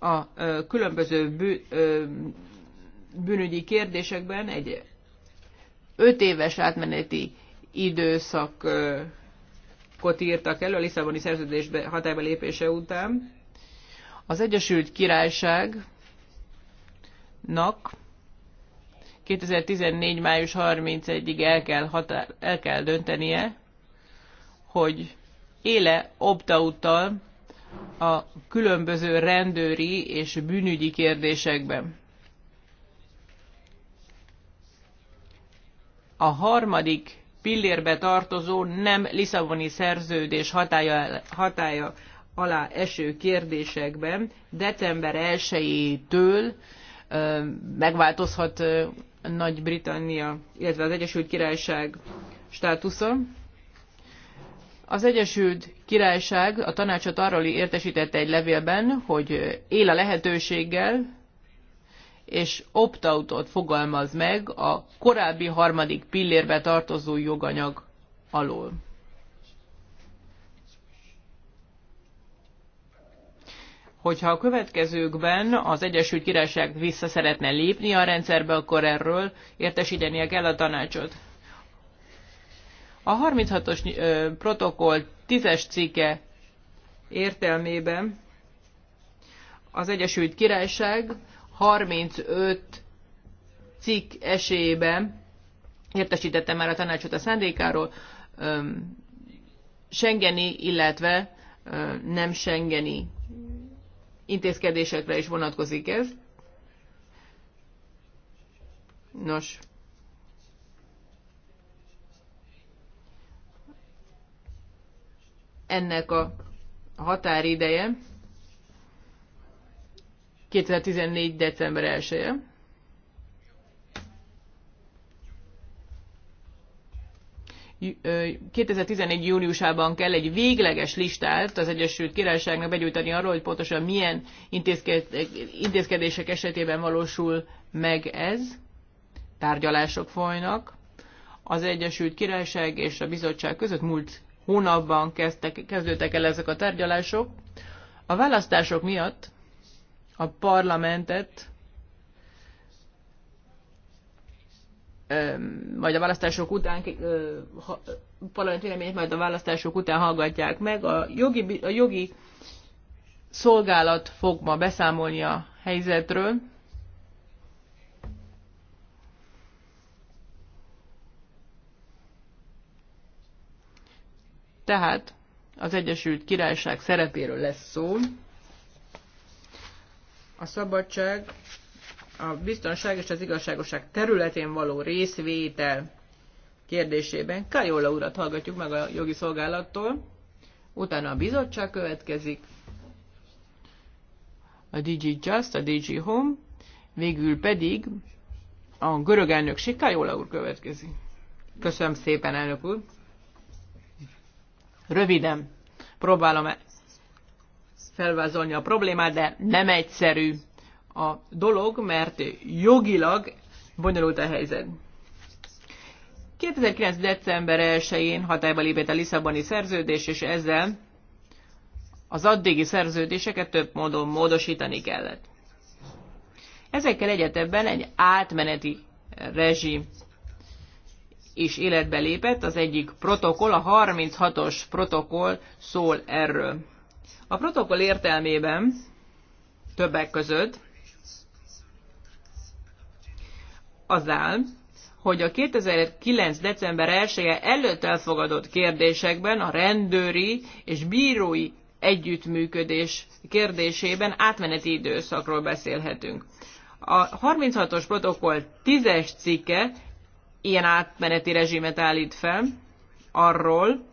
S3: a különböző bűnügyi kérdésekben egy 5 éves átmeneti időszakot írtak elő a Lisszaboni szerződés hatályba lépése után. Az Egyesült Királyságnak 2014. május 31-ig el kell, határ, el kell döntenie, hogy éle optauttal a különböző rendőri és bűnügyi kérdésekben. a harmadik pillérbe tartozó nem Lisszaboni szerződés hatája, hatája alá eső kérdésekben december 1-től megváltozhat Nagy-Britannia, illetve az Egyesült Királyság státusza. Az Egyesült Királyság a tanácsot arról értesítette egy levélben, hogy él a lehetőséggel, és opt-outot fogalmaz meg a korábbi harmadik pillérbe tartozó joganyag alól. Hogyha a következőkben az Egyesült Királyság vissza szeretne lépni a rendszerbe, akkor erről értesítenie kell a tanácsot. A 36-os protokoll 10-es cikke értelmében az Egyesült Királyság 35 cikk esélyében értesítettem már a tanácsot a szándékáról, Schengeni, illetve nem Schengeni intézkedésekre is vonatkozik ez. Nos, ennek a határideje 2014. december 1 -e. J 2014. júniusában kell egy végleges listát az Egyesült Királyságnak begyújtani arról, hogy pontosan milyen intézkedések esetében valósul meg ez. Tárgyalások folynak. Az Egyesült Királyság és a bizottság között múlt hónapban kezdtek, kezdődtek el ezek a tárgyalások. A választások miatt a parlamentet, majd a választások után, a parlament véleményét majd a választások után hallgatják meg. A jogi, a jogi szolgálat fog ma beszámolni a helyzetről. Tehát az Egyesült Királyság szerepéről lesz szó a szabadság, a biztonság és az igazságoság területén való részvétel kérdésében. Kajola urat hallgatjuk meg a jogi szolgálattól, utána a bizottság következik, a DG Just, a DG Home, végül pedig a görög elnökség Kajola úr következik. Köszönöm szépen, elnök úr. Röviden próbálom felvázolni a problémát, de nem egyszerű a dolog, mert jogilag bonyolult a helyzet. 2009. december 1-én hatályba lépett a Lisszaboni szerződés, és ezzel az addigi szerződéseket több módon módosítani kellett. Ezekkel egyetemben egy átmeneti rezsim is életbe lépett, az egyik protokoll, a 36-os protokoll szól erről. A protokoll értelmében többek között az áll, hogy a 2009. december 1 -e előtt elfogadott kérdésekben a rendőri és bírói együttműködés kérdésében átmeneti időszakról beszélhetünk. A 36-os protokoll 10-es cikke ilyen átmeneti rezsimet állít fel arról,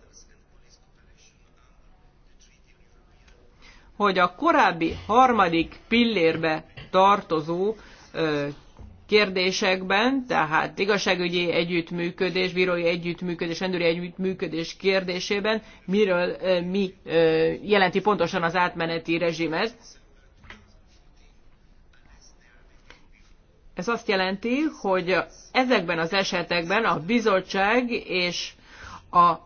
S3: hogy a korábbi harmadik pillérbe tartozó ö, kérdésekben, tehát igazságügyi együttműködés, bírói együttműködés, rendőri együttműködés kérdésében, miről ö, mi ö, jelenti pontosan az átmeneti rezsimet. Ez azt jelenti, hogy ezekben az esetekben a bizottság és a, a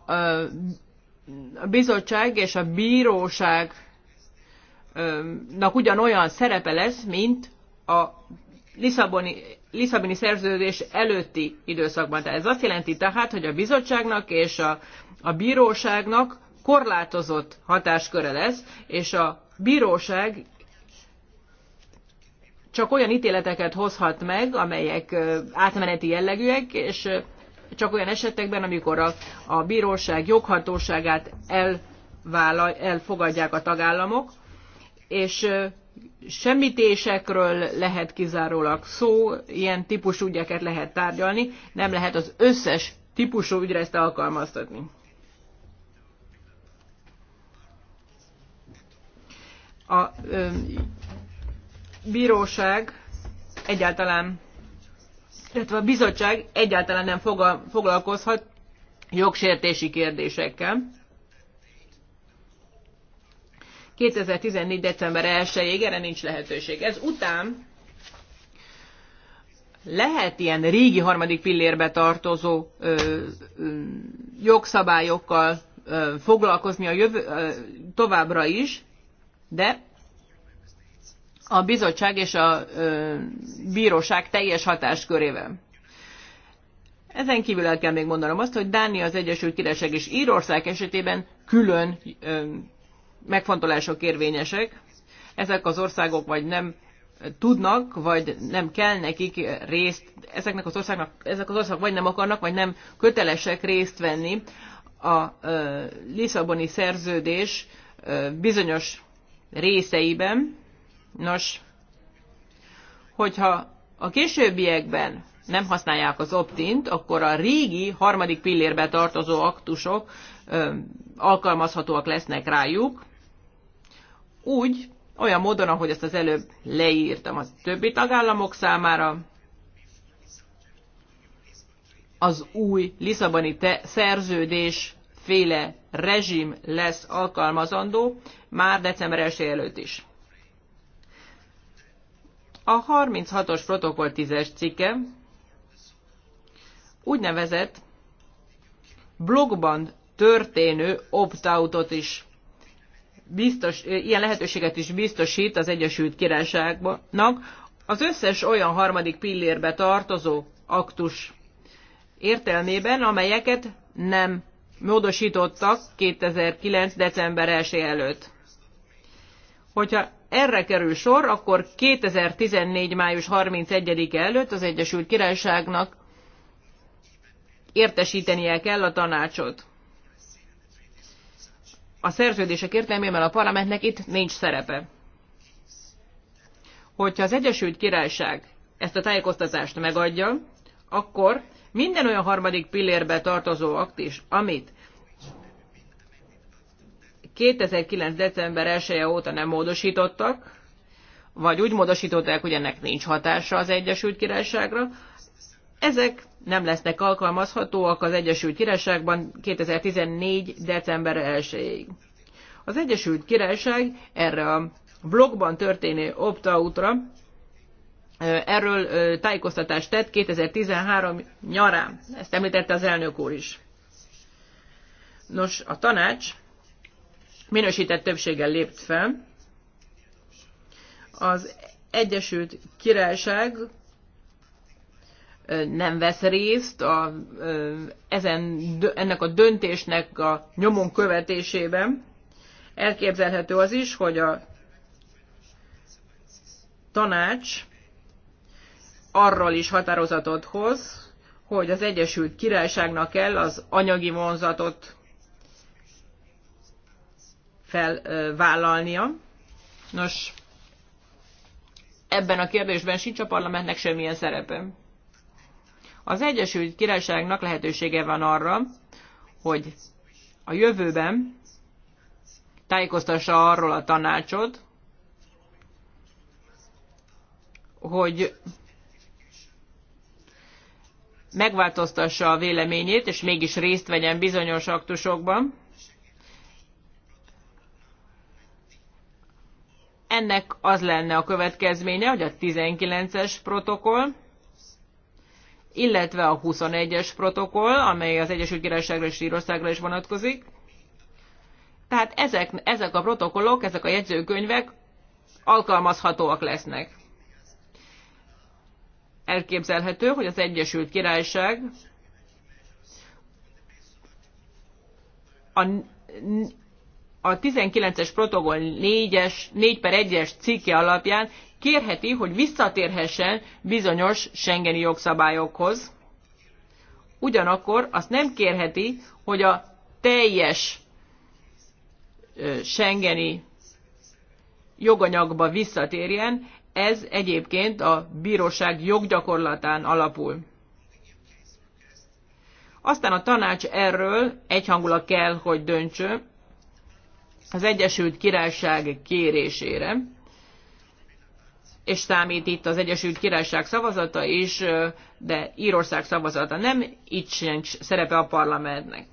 S3: bizottság és a bíróság nak ugyanolyan szerepe lesz, mint a Lisszaboni, Lisszaboni szerződés előtti időszakban. Tehát ez azt jelenti tehát, hogy a bizottságnak és a, a bíróságnak korlátozott hatásköre lesz, és a bíróság csak olyan ítéleteket hozhat meg, amelyek átmeneti jellegűek, és csak olyan esetekben, amikor a, a bíróság joghatóságát elvállal, elfogadják a tagállamok, és semmitésekről lehet kizárólag szó, ilyen típusú ügyeket lehet tárgyalni, nem lehet az összes típusú ügyre ezt alkalmaztatni. A ö, bíróság egyáltalán, illetve a bizottság egyáltalán nem foga, foglalkozhat jogsértési kérdésekkel. 2014. december 1-ig erre nincs lehetőség. Ez után lehet ilyen régi harmadik pillérbe tartozó ö, ö, jogszabályokkal ö, foglalkozni a jövő, ö, továbbra is, de a bizottság és a ö, bíróság teljes hatáskörével. Ezen kívül el kell még mondanom azt, hogy Dánia, az Egyesült Királyság és Írország esetében külön ö, megfontolások érvényesek. Ezek az országok vagy nem tudnak, vagy nem kell nekik részt, ezeknek az országnak, ezek az országok vagy nem akarnak, vagy nem kötelesek részt venni a Lisszaboni szerződés bizonyos részeiben. Nos, hogyha a későbbiekben nem használják az opt-int, akkor a régi harmadik pillérbe tartozó aktusok alkalmazhatóak lesznek rájuk, úgy, olyan módon, ahogy ezt az előbb leírtam az többi tagállamok számára, az új Lisszaboni szerződés féle rezsim lesz alkalmazandó már december 1 előtt is. A 36-os protokoll 10-es cikke úgynevezett blogban történő opt-outot is biztos, ilyen lehetőséget is biztosít az Egyesült Királyságnak az összes olyan harmadik pillérbe tartozó aktus értelmében, amelyeket nem módosítottak 2009. december 1 előtt. Hogyha erre kerül sor, akkor 2014. május 31 -e előtt az Egyesült Királyságnak értesítenie kell a tanácsot a szerződések értelmében a parlamentnek itt nincs szerepe. Hogyha az Egyesült Királyság ezt a tájékoztatást megadja, akkor minden olyan harmadik pillérbe tartozó akt is, amit 2009. december 1 -e óta nem módosítottak, vagy úgy módosították, hogy ennek nincs hatása az Egyesült Királyságra, ezek nem lesznek alkalmazhatóak az Egyesült Királyságban 2014. december 1-ig. Az Egyesült Királyság erre a blogban történő opt-outra erről tájékoztatást tett 2013 nyarán. Ezt említette az elnök úr is. Nos, a tanács minősített többséggel lépt fel. Az Egyesült Királyság nem vesz részt a, ezen, ennek a döntésnek a nyomon követésében. Elképzelhető az is, hogy a tanács arról is határozatot hoz, hogy az Egyesült Királyságnak kell az anyagi vonzatot felvállalnia. Nos, ebben a kérdésben sincs a parlamentnek semmilyen szerepe. Az Egyesült Királyságnak lehetősége van arra, hogy a jövőben tájékoztassa arról a tanácsot, hogy megváltoztassa a véleményét, és mégis részt vegyen bizonyos aktusokban. Ennek az lenne a következménye, hogy a 19-es protokoll illetve a 21-es protokoll, amely az Egyesült Királyságra és Írországra is vonatkozik. Tehát ezek, ezek a protokollok, ezek a jegyzőkönyvek alkalmazhatóak lesznek. Elképzelhető, hogy az Egyesült Királyság a, a 19-es protokoll 4-es, 4 per 1-es cikke alapján kérheti, hogy visszatérhessen bizonyos Schengeni jogszabályokhoz. Ugyanakkor azt nem kérheti, hogy a teljes Schengeni joganyagba visszatérjen, ez egyébként a bíróság joggyakorlatán alapul. Aztán a tanács erről egyhangulag kell, hogy döntsön az Egyesült Királyság kérésére és számít itt az Egyesült Királyság szavazata is, de Írország szavazata nem, itt sincs szerepe a parlamentnek.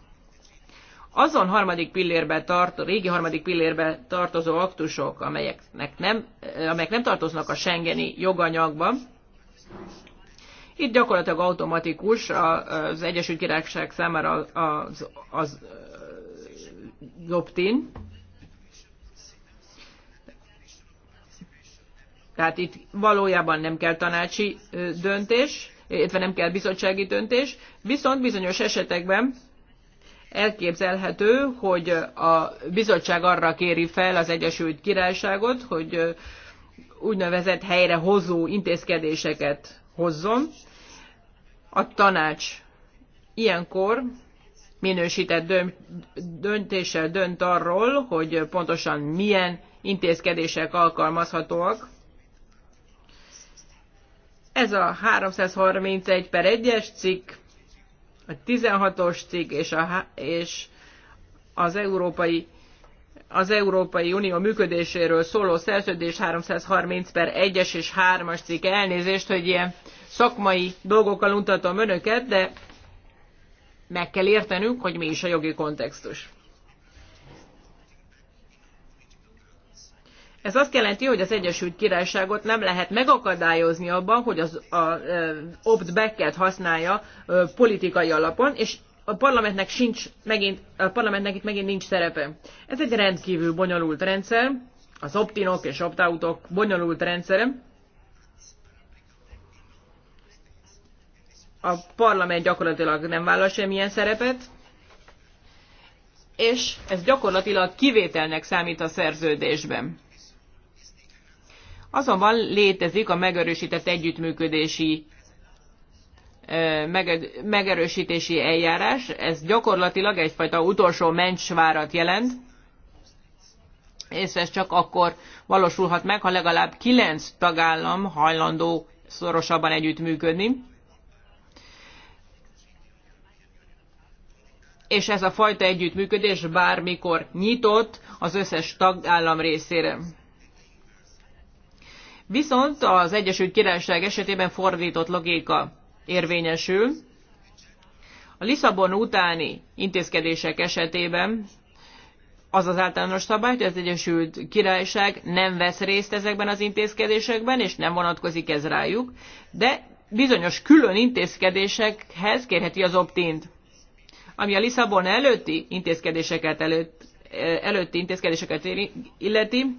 S3: Azon harmadik pillérbe tart, régi harmadik pillérbe tartozó aktusok, amelyeknek nem, amelyek nem tartoznak a Schengeni joganyagba, itt gyakorlatilag automatikus az Egyesült Királyság számára az, az, az opt-in, Tehát itt valójában nem kell tanácsi döntés, illetve nem kell bizottsági döntés, viszont bizonyos esetekben elképzelhető, hogy a bizottság arra kéri fel az Egyesült Királyságot, hogy úgynevezett helyrehozó intézkedéseket hozzon. A tanács ilyenkor minősített döntéssel dönt arról, hogy pontosan milyen intézkedések alkalmazhatóak ez a 331 per 1-es cikk, a 16-os cikk és, a, és az Európai az Európai Unió működéséről szóló szerződés 330 per 1-es és 3-as cikk elnézést, hogy ilyen szakmai dolgokkal untatom önöket, de meg kell értenünk, hogy mi is a jogi kontextus. Ez azt jelenti, hogy az Egyesült Királyságot nem lehet megakadályozni abban, hogy az a, a opt-back-et használja politikai alapon, és a parlamentnek sincs megint, a parlamentnek itt megint nincs szerepe. Ez egy rendkívül bonyolult rendszer, az optinok és optautok bonyolult rendszere. A parlament gyakorlatilag nem vállal semmilyen szerepet, és ez gyakorlatilag kivételnek számít a szerződésben. Azonban létezik a megerősített együttműködési megerősítési eljárás. Ez gyakorlatilag egyfajta utolsó mencsvárat jelent, és ez csak akkor valósulhat meg, ha legalább kilenc tagállam hajlandó szorosabban együttműködni. És ez a fajta együttműködés bármikor nyitott az összes tagállam részére. Viszont az Egyesült Királyság esetében fordított logika érvényesül. A Lisszabon utáni intézkedések esetében az az általános szabály, hogy az Egyesült Királyság nem vesz részt ezekben az intézkedésekben, és nem vonatkozik ez rájuk, de bizonyos külön intézkedésekhez kérheti az optint. Ami a Lisszabon előtti intézkedéseket előtt, előtti intézkedéseket illeti,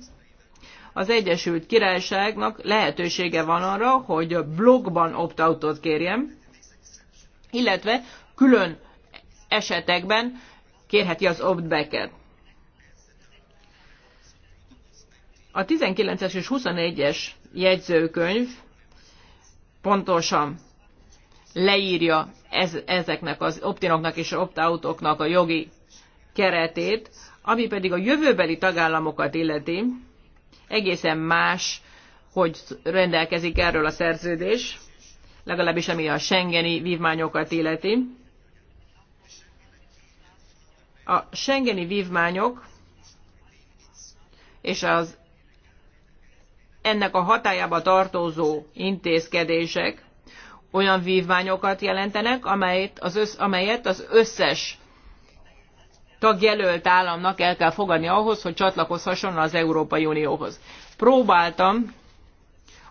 S3: az Egyesült Királyságnak lehetősége van arra, hogy blogban opt-outot kérjem, illetve külön esetekben kérheti az opt-back-et. A 19-es és 21-es jegyzőkönyv pontosan leírja ez, ezeknek az optinoknak és opt a jogi keretét, ami pedig a jövőbeli tagállamokat illeti, egészen más, hogy rendelkezik erről a szerződés, legalábbis ami a Schengeni vívmányokat illeti. A Schengeni vívmányok és az ennek a hatájába tartozó intézkedések olyan vívmányokat jelentenek, amelyet az, amelyet az összes tagjelölt államnak el kell fogadni ahhoz, hogy csatlakozhasson az Európai Unióhoz. Próbáltam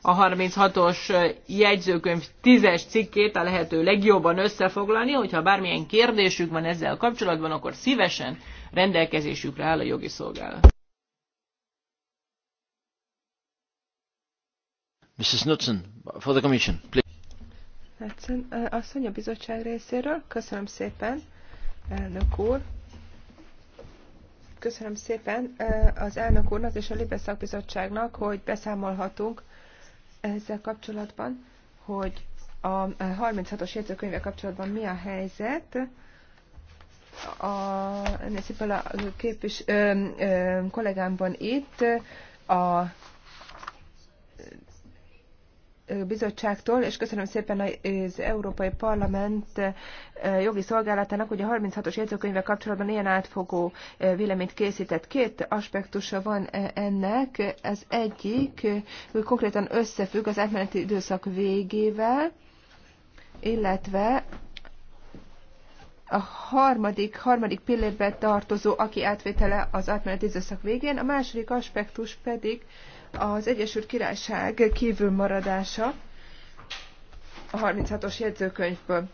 S3: a 36-os jegyzőkönyv 10-es cikkét a lehető legjobban összefoglalni, hogyha bármilyen kérdésük van ezzel kapcsolatban, akkor szívesen rendelkezésükre áll a jogi szolgálat. Mrs. Knudsen, for the Commission, please.
S2: Eh, asszony a bizottság részéről, köszönöm szépen, elnök úr. Köszönöm szépen az elnök úrnak és a Libes szakbizottságnak, hogy beszámolhatunk ezzel kapcsolatban, hogy a 36-os jegyzőkönyve kapcsolatban mi a helyzet. A a képvis, ö, ö, kollégámban itt a bizottságtól, és köszönöm szépen az Európai Parlament jogi szolgálatának, hogy a 36-os jegyzőkönyve kapcsolatban ilyen átfogó véleményt készített. Két aspektusa van e, ennek. Ez egyik hogy konkrétan összefügg az átmeneti időszak végével, illetve a harmadik, harmadik pillérbe tartozó, aki átvétele az átmeneti időszak végén. A második aspektus pedig az Egyesült Királyság kívülmaradása a 36-os jegyzőkönyvből.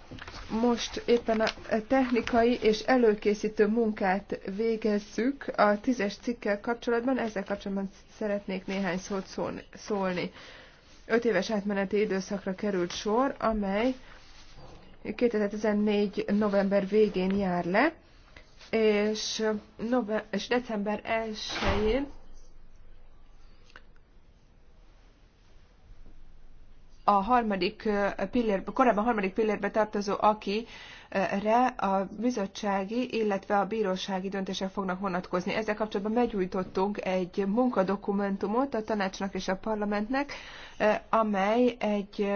S2: Most éppen a technikai és előkészítő munkát végezzük a tízes cikkel kapcsolatban, ezzel kapcsolatban szeretnék néhány szót szólni. Öt éves átmeneti időszakra került sor, amely 2014. november végén jár le, és, november, és december 1-én a harmadik pillér, korábban a harmadik pillérbe tartozó aki re a bizottsági, illetve a bírósági döntések fognak vonatkozni. Ezzel kapcsolatban meggyújtottunk egy munkadokumentumot a tanácsnak és a parlamentnek, amely egy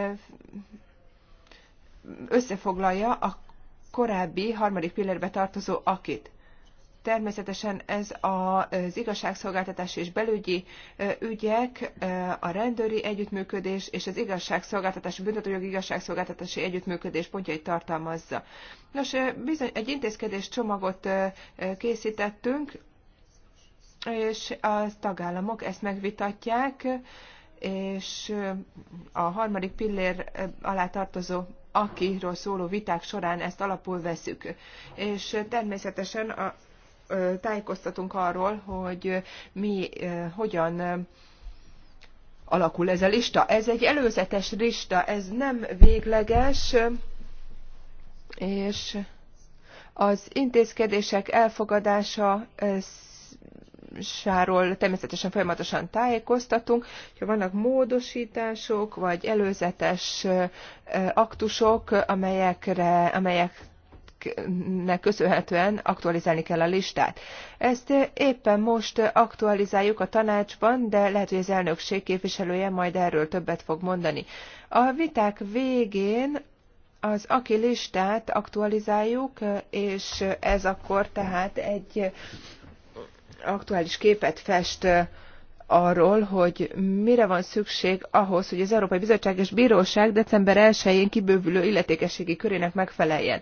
S2: összefoglalja a korábbi harmadik pillérbe tartozó akit. Természetesen ez az igazságszolgáltatás és belügyi ügyek, a rendőri együttműködés és az igazságszolgáltatás, büntetőjogi igazságszolgáltatási együttműködés pontjait tartalmazza. Nos, bizony egy intézkedés csomagot készítettünk, és a tagállamok ezt megvitatják, és a harmadik pillér alá tartozó akiről szóló viták során ezt alapul veszük. És természetesen a tájékoztatunk arról, hogy mi hogyan alakul ez a lista. Ez egy előzetes lista, ez nem végleges, és az intézkedések elfogadása sáról természetesen folyamatosan tájékoztatunk, ha vannak módosítások, vagy előzetes aktusok, amelyekre, amelyek ennek köszönhetően aktualizálni kell a listát. Ezt éppen most aktualizáljuk a tanácsban, de lehet, hogy az elnökség képviselője majd erről többet fog mondani. A viták végén az aki listát aktualizáljuk, és ez akkor tehát egy aktuális képet fest arról, hogy mire van szükség ahhoz, hogy az Európai Bizottság és Bíróság december 1-én kibővülő illetékességi körének megfeleljen.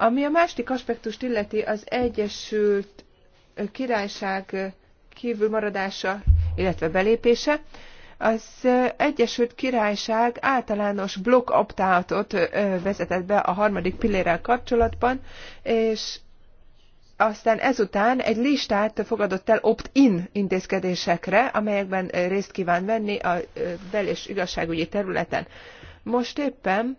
S2: Ami a másik aspektust illeti, az Egyesült Királyság kívülmaradása, illetve belépése, az Egyesült Királyság általános blokk opt vezetett be a harmadik pillérrel kapcsolatban, és aztán ezután egy listát fogadott el opt-in intézkedésekre, amelyekben részt kíván venni a bel- és igazságügyi területen. Most éppen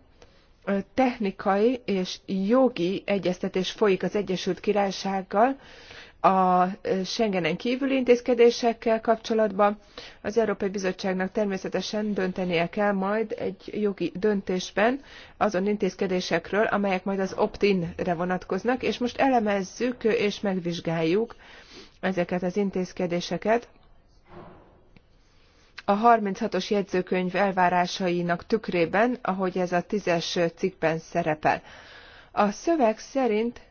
S2: technikai és jogi egyeztetés folyik az Egyesült Királysággal a Schengenen kívüli intézkedésekkel kapcsolatban. Az Európai Bizottságnak természetesen döntenie kell majd egy jogi döntésben azon intézkedésekről, amelyek majd az opt-in-re vonatkoznak, és most elemezzük és megvizsgáljuk ezeket az intézkedéseket a 36-os jegyzőkönyv elvárásainak tükrében, ahogy ez a 10-es cikkben szerepel. A szöveg szerint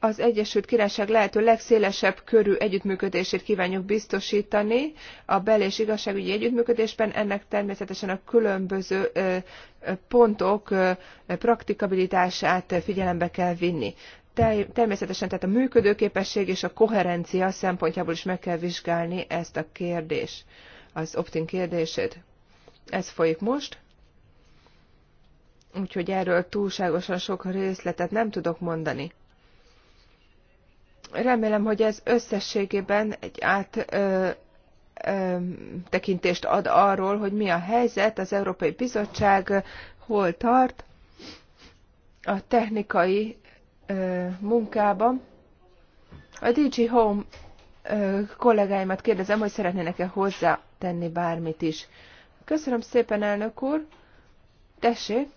S2: az Egyesült Királyság lehető legszélesebb körű együttműködését kívánjuk biztosítani a bel- és igazságügyi együttműködésben. Ennek természetesen a különböző pontok praktikabilitását figyelembe kell vinni természetesen tehát a működőképesség és a koherencia szempontjából is meg kell vizsgálni ezt a kérdést, az opt-in kérdését. Ez folyik most, úgyhogy erről túlságosan sok részletet nem tudok mondani. Remélem, hogy ez összességében egy át ö, ö, tekintést ad arról, hogy mi a helyzet, az Európai Bizottság hol tart, a technikai munkába. A DG Home kollégáimat kérdezem, hogy szeretnének-e hozzátenni bármit is. Köszönöm szépen, elnök úr. Tessék!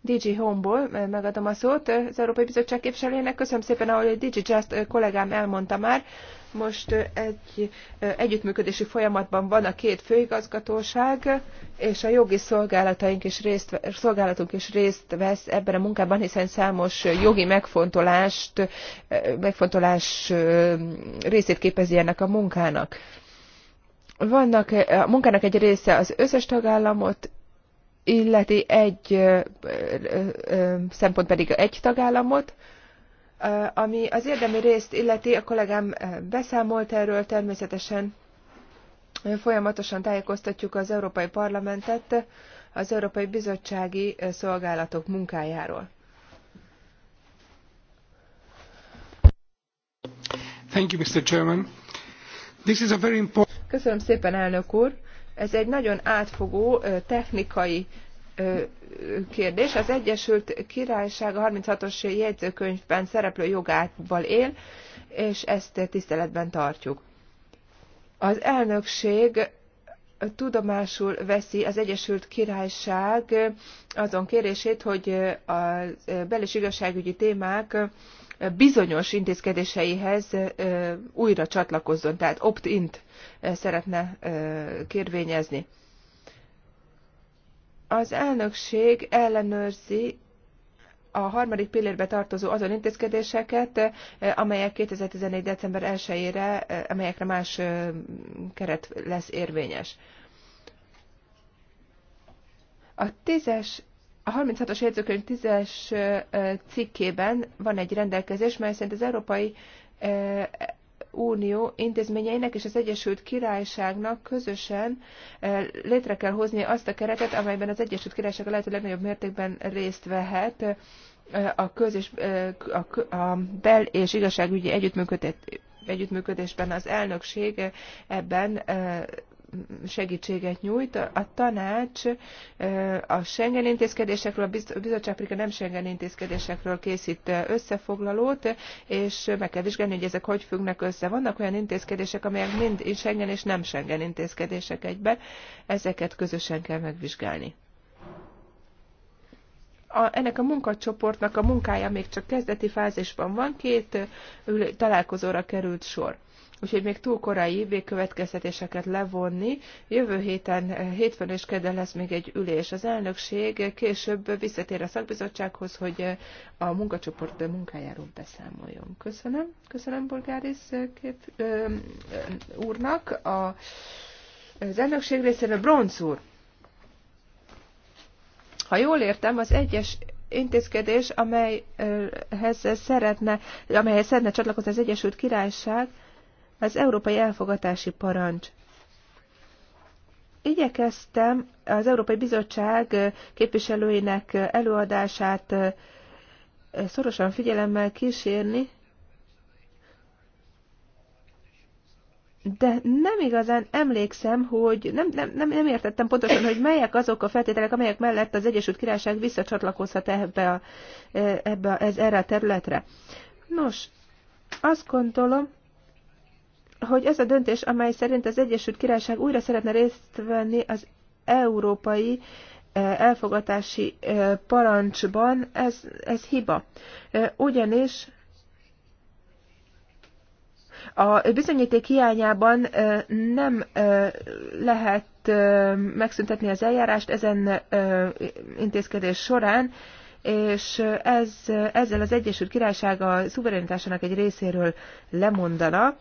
S2: DG Homeból megadom a szót az Európai Bizottság képviselőjének. Köszönöm szépen, ahogy a DG Just kollégám elmondta már, most egy együttműködési folyamatban van a két főigazgatóság, és a jogi szolgálataink is részt, szolgálatunk is részt vesz ebben a munkában, hiszen számos jogi megfontolást, megfontolás részét képezi ennek a munkának. Vannak, a munkának egy része az összes tagállamot illeti egy szempont pedig egy tagállamot, ami az érdemi részt illeti, a kollégám beszámolt erről természetesen. Folyamatosan tájékoztatjuk az Európai Parlamentet az Európai Bizottsági Szolgálatok munkájáról.
S1: Thank you, Mr. Chairman. This is a very
S2: important... Köszönöm szépen, elnök úr! Ez egy nagyon átfogó technikai kérdés. Az Egyesült Királyság a 36-os jegyzőkönyvben szereplő jogával él, és ezt tiszteletben tartjuk. Az elnökség tudomásul veszi az Egyesült Királyság azon kérését, hogy a belis igazságügyi témák bizonyos intézkedéseihez újra csatlakozzon, tehát opt-int szeretne kérvényezni. Az elnökség ellenőrzi a harmadik pillérbe tartozó azon intézkedéseket, eh, amelyek 2014. december 1-ére, eh, amelyekre más eh, keret lesz érvényes. A 10-es a 36-os jegyzőkönyv 10-es cikkében van egy rendelkezés, mely szerint az Európai Unió intézményeinek és az Egyesült Királyságnak közösen eh, létre kell hozni azt a keretet, amelyben az Egyesült Királyság a lehető legnagyobb mértékben részt vehet eh, a, köz és, eh, a, a bel- és igazságügyi együttműködésben az elnökség ebben segítséget nyújt. A tanács a Schengen intézkedésekről, a bizottság pedig a nem Schengen intézkedésekről készít összefoglalót, és meg kell vizsgálni, hogy ezek hogy függnek össze. Vannak olyan intézkedések, amelyek mind Schengen és nem Schengen intézkedések egyben, ezeket közösen kell megvizsgálni a, ennek a munkacsoportnak a munkája még csak kezdeti fázisban van, két ül, találkozóra került sor. Úgyhogy még túl korai végkövetkeztetéseket levonni. Jövő héten, hétfőn és kedden lesz még egy ülés. Az elnökség később visszatér a szakbizottsághoz, hogy a munkacsoport munkájáról beszámoljon. Köszönöm. Köszönöm Bolgáris kép, ö, ö, úrnak. A, az elnökség részéről Bronz úr. Ha jól értem, az egyes intézkedés, amelyhez szeretne, amelyhez szeretne csatlakozni az Egyesült Királyság, az Európai Elfogatási Parancs. Igyekeztem az Európai Bizottság képviselőinek előadását szorosan figyelemmel kísérni, de nem igazán emlékszem, hogy nem, nem, nem, nem értettem pontosan, hogy melyek azok a feltételek, amelyek mellett az Egyesült Királyság visszacsatlakozhat ebbe, a, e, ebbe a, ez, erre a területre. Nos, azt gondolom, hogy ez a döntés, amely szerint az Egyesült Királyság újra szeretne részt venni az európai e, elfogatási e, parancsban, ez, ez hiba. Ugyanis a bizonyíték hiányában nem lehet megszüntetni az eljárást ezen intézkedés során, és ez, ezzel az Egyesült Királyság a szuverenitásának egy részéről lemondana.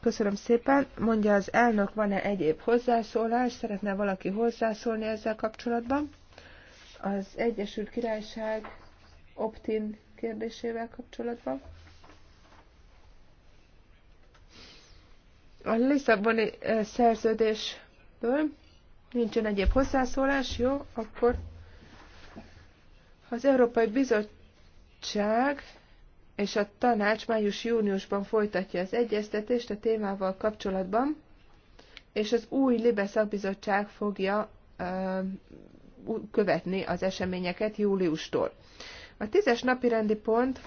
S2: Köszönöm szépen. Mondja az elnök, van-e egyéb hozzászólás? Szeretne valaki hozzászólni ezzel kapcsolatban? Az Egyesült Királyság optin kérdésével kapcsolatban. a Lisszaboni szerződésből nincsen egyéb hozzászólás, jó, akkor az Európai Bizottság és a tanács május-júniusban folytatja az egyeztetést a témával kapcsolatban, és az új Libe szakbizottság fogja követni az eseményeket júliustól. A tízes napi rendi pont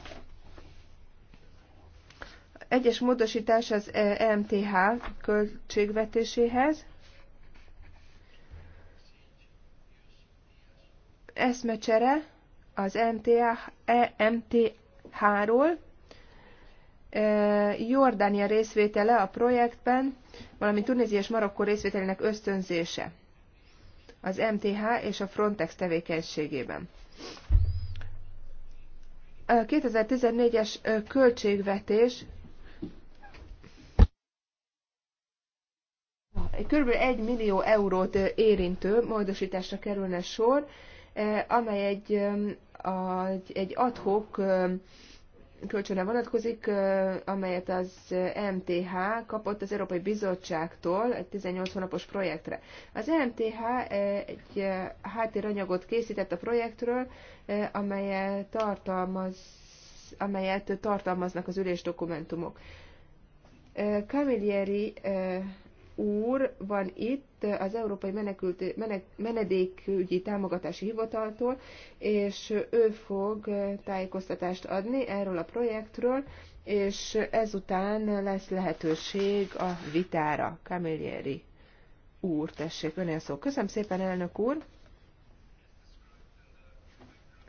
S2: egyes módosítás az EMTH e költségvetéséhez. Eszmecsere az EMTH-ról. E eh, Jordánia részvétele a projektben, valamint Tunézia és Marokkó részvételének ösztönzése az MTH és a Frontex tevékenységében. A eh, 2014-es eh, költségvetés kb. 1 millió eurót érintő módosításra kerülne sor, amely egy, egy adhok kölcsönre vonatkozik, amelyet az MTH kapott az Európai Bizottságtól egy 18 hónapos projektre. Az MTH egy háttéranyagot készített a projektről, amelyet, tartalmaz, amelyet tartalmaznak az dokumentumok. Camilleri úr van itt az Európai Menekült, Menek, Menedékügyi Támogatási Hivataltól, és ő fog tájékoztatást adni erről a projektről, és ezután lesz lehetőség a vitára. Camilleri úr, tessék, önél szó. Köszönöm szépen, elnök úr!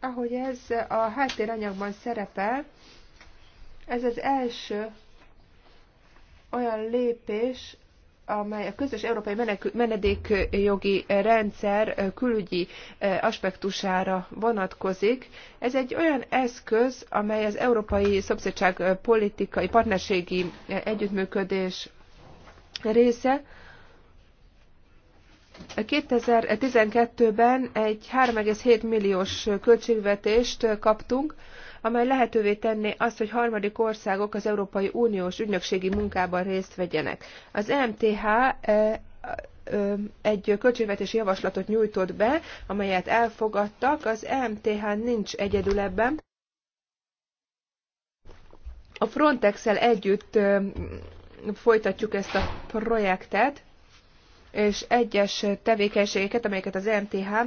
S2: Ahogy ez a háttéranyagban szerepel, ez az első olyan lépés, amely a közös európai menedékjogi rendszer külügyi aspektusára vonatkozik. Ez egy olyan eszköz, amely az európai szomszédság politikai partnerségi együttműködés része. 2012-ben egy 3,7 milliós költségvetést kaptunk, amely lehetővé tenné azt, hogy harmadik országok az Európai Uniós ügynökségi munkában részt vegyenek. Az MTH e, e, egy költségvetési javaslatot nyújtott be, amelyet elfogadtak. Az MTH nincs egyedül ebben. A frontex együtt folytatjuk ezt a projektet, és egyes tevékenységeket, amelyeket az MTH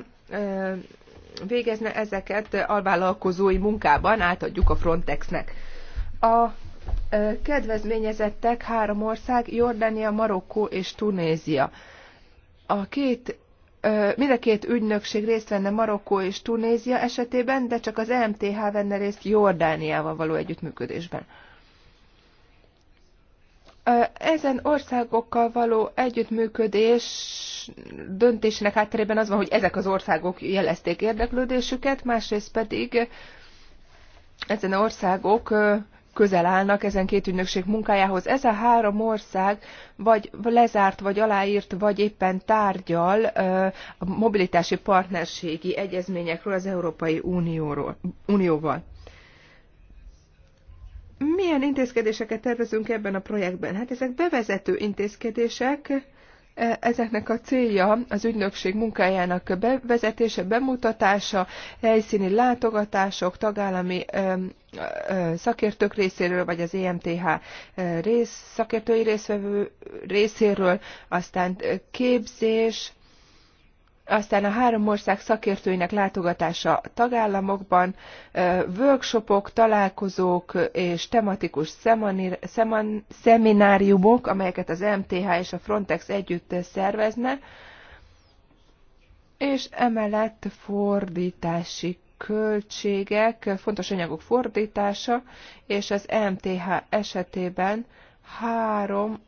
S2: végezne, ezeket alvállalkozói munkában átadjuk a Frontexnek. A kedvezményezettek három ország, Jordánia, Marokkó és Tunézia. A két Mind a két ügynökség részt venne Marokkó és Tunézia esetében, de csak az e MTH venne részt Jordániával való együttműködésben. Ezen országokkal való együttműködés döntésének hátterében az van, hogy ezek az országok jelezték érdeklődésüket, másrészt pedig ezen országok közel állnak ezen két ügynökség munkájához. Ez a három ország vagy lezárt, vagy aláírt, vagy éppen tárgyal a mobilitási partnerségi egyezményekről az Európai Unióról, Unióval. Milyen intézkedéseket tervezünk ebben a projektben? Hát ezek bevezető intézkedések, e, ezeknek a célja az ügynökség munkájának bevezetése, bemutatása, helyszíni látogatások, tagállami e, e, szakértők részéről, vagy az EMTH rész, szakértői részvevő részéről, aztán képzés, aztán a három ország szakértőinek látogatása tagállamokban, workshopok, találkozók és tematikus szemináriumok, amelyeket az MTH és a Frontex együtt szervezne, és emellett fordítási költségek, fontos anyagok fordítása, és az MTH esetében három,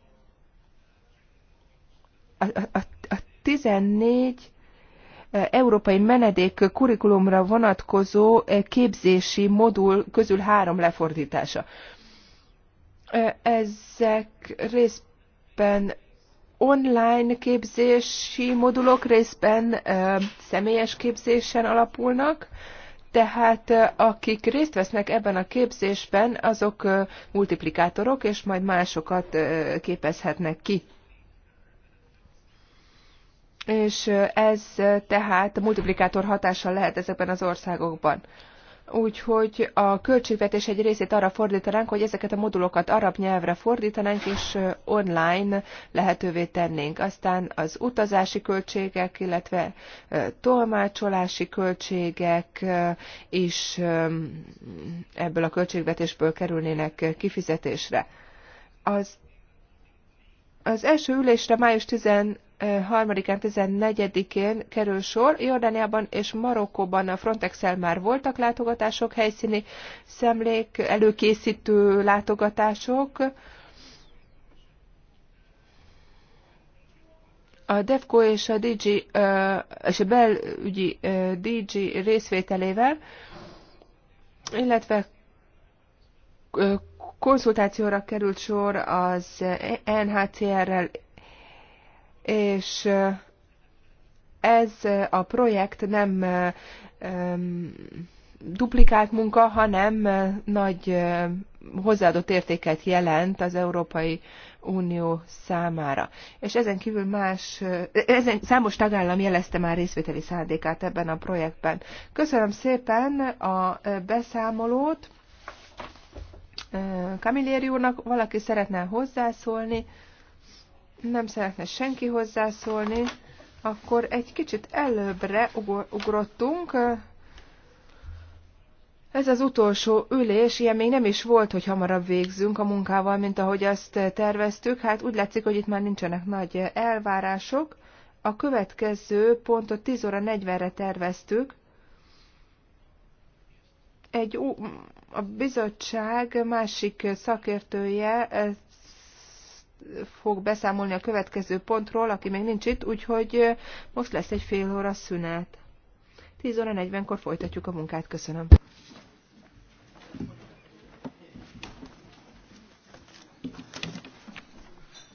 S2: a, a, a 14 európai menedék kurikulumra vonatkozó eh, képzési modul közül három lefordítása. Eh, ezek részben online képzési modulok, részben eh, személyes képzésen alapulnak, tehát akik részt vesznek ebben a képzésben, azok multiplikátorok, és majd másokat képezhetnek ki és ez tehát multiplikátor hatással lehet ezekben az országokban. Úgyhogy a költségvetés egy részét arra fordítanánk, hogy ezeket a modulokat arab nyelvre fordítanánk, és online lehetővé tennénk. Aztán az utazási költségek, illetve tolmácsolási költségek is ebből a költségvetésből kerülnének kifizetésre. Az, az első ülésre május 10 3-án, 14-én kerül sor. Jordániában és Marokkóban a frontex már voltak látogatások, helyszíni szemlék, előkészítő látogatások. A DEFCO és a DG, és a belügyi DG részvételével, illetve konzultációra került sor az NHCR-rel és ez a projekt nem duplikált munka, hanem nagy hozzáadott értéket jelent az Európai Unió számára. És ezen kívül más, ezen számos tagállam jelezte már részvételi szándékát ebben a projektben. Köszönöm szépen a beszámolót. Kamilléri úrnak valaki szeretne hozzászólni nem szeretne senki hozzászólni, akkor egy kicsit előbbre ugrottunk. Ez az utolsó ülés, ilyen még nem is volt, hogy hamarabb végzünk a munkával, mint ahogy azt terveztük. Hát úgy látszik, hogy itt már nincsenek nagy elvárások. A következő pontot 10 óra 40-re terveztük. Egy, a bizottság másik szakértője fog beszámolni a következő pontról, aki még nincs itt, úgyhogy most lesz egy fél óra szünet. 10 óra 40-kor folytatjuk a munkát. Köszönöm.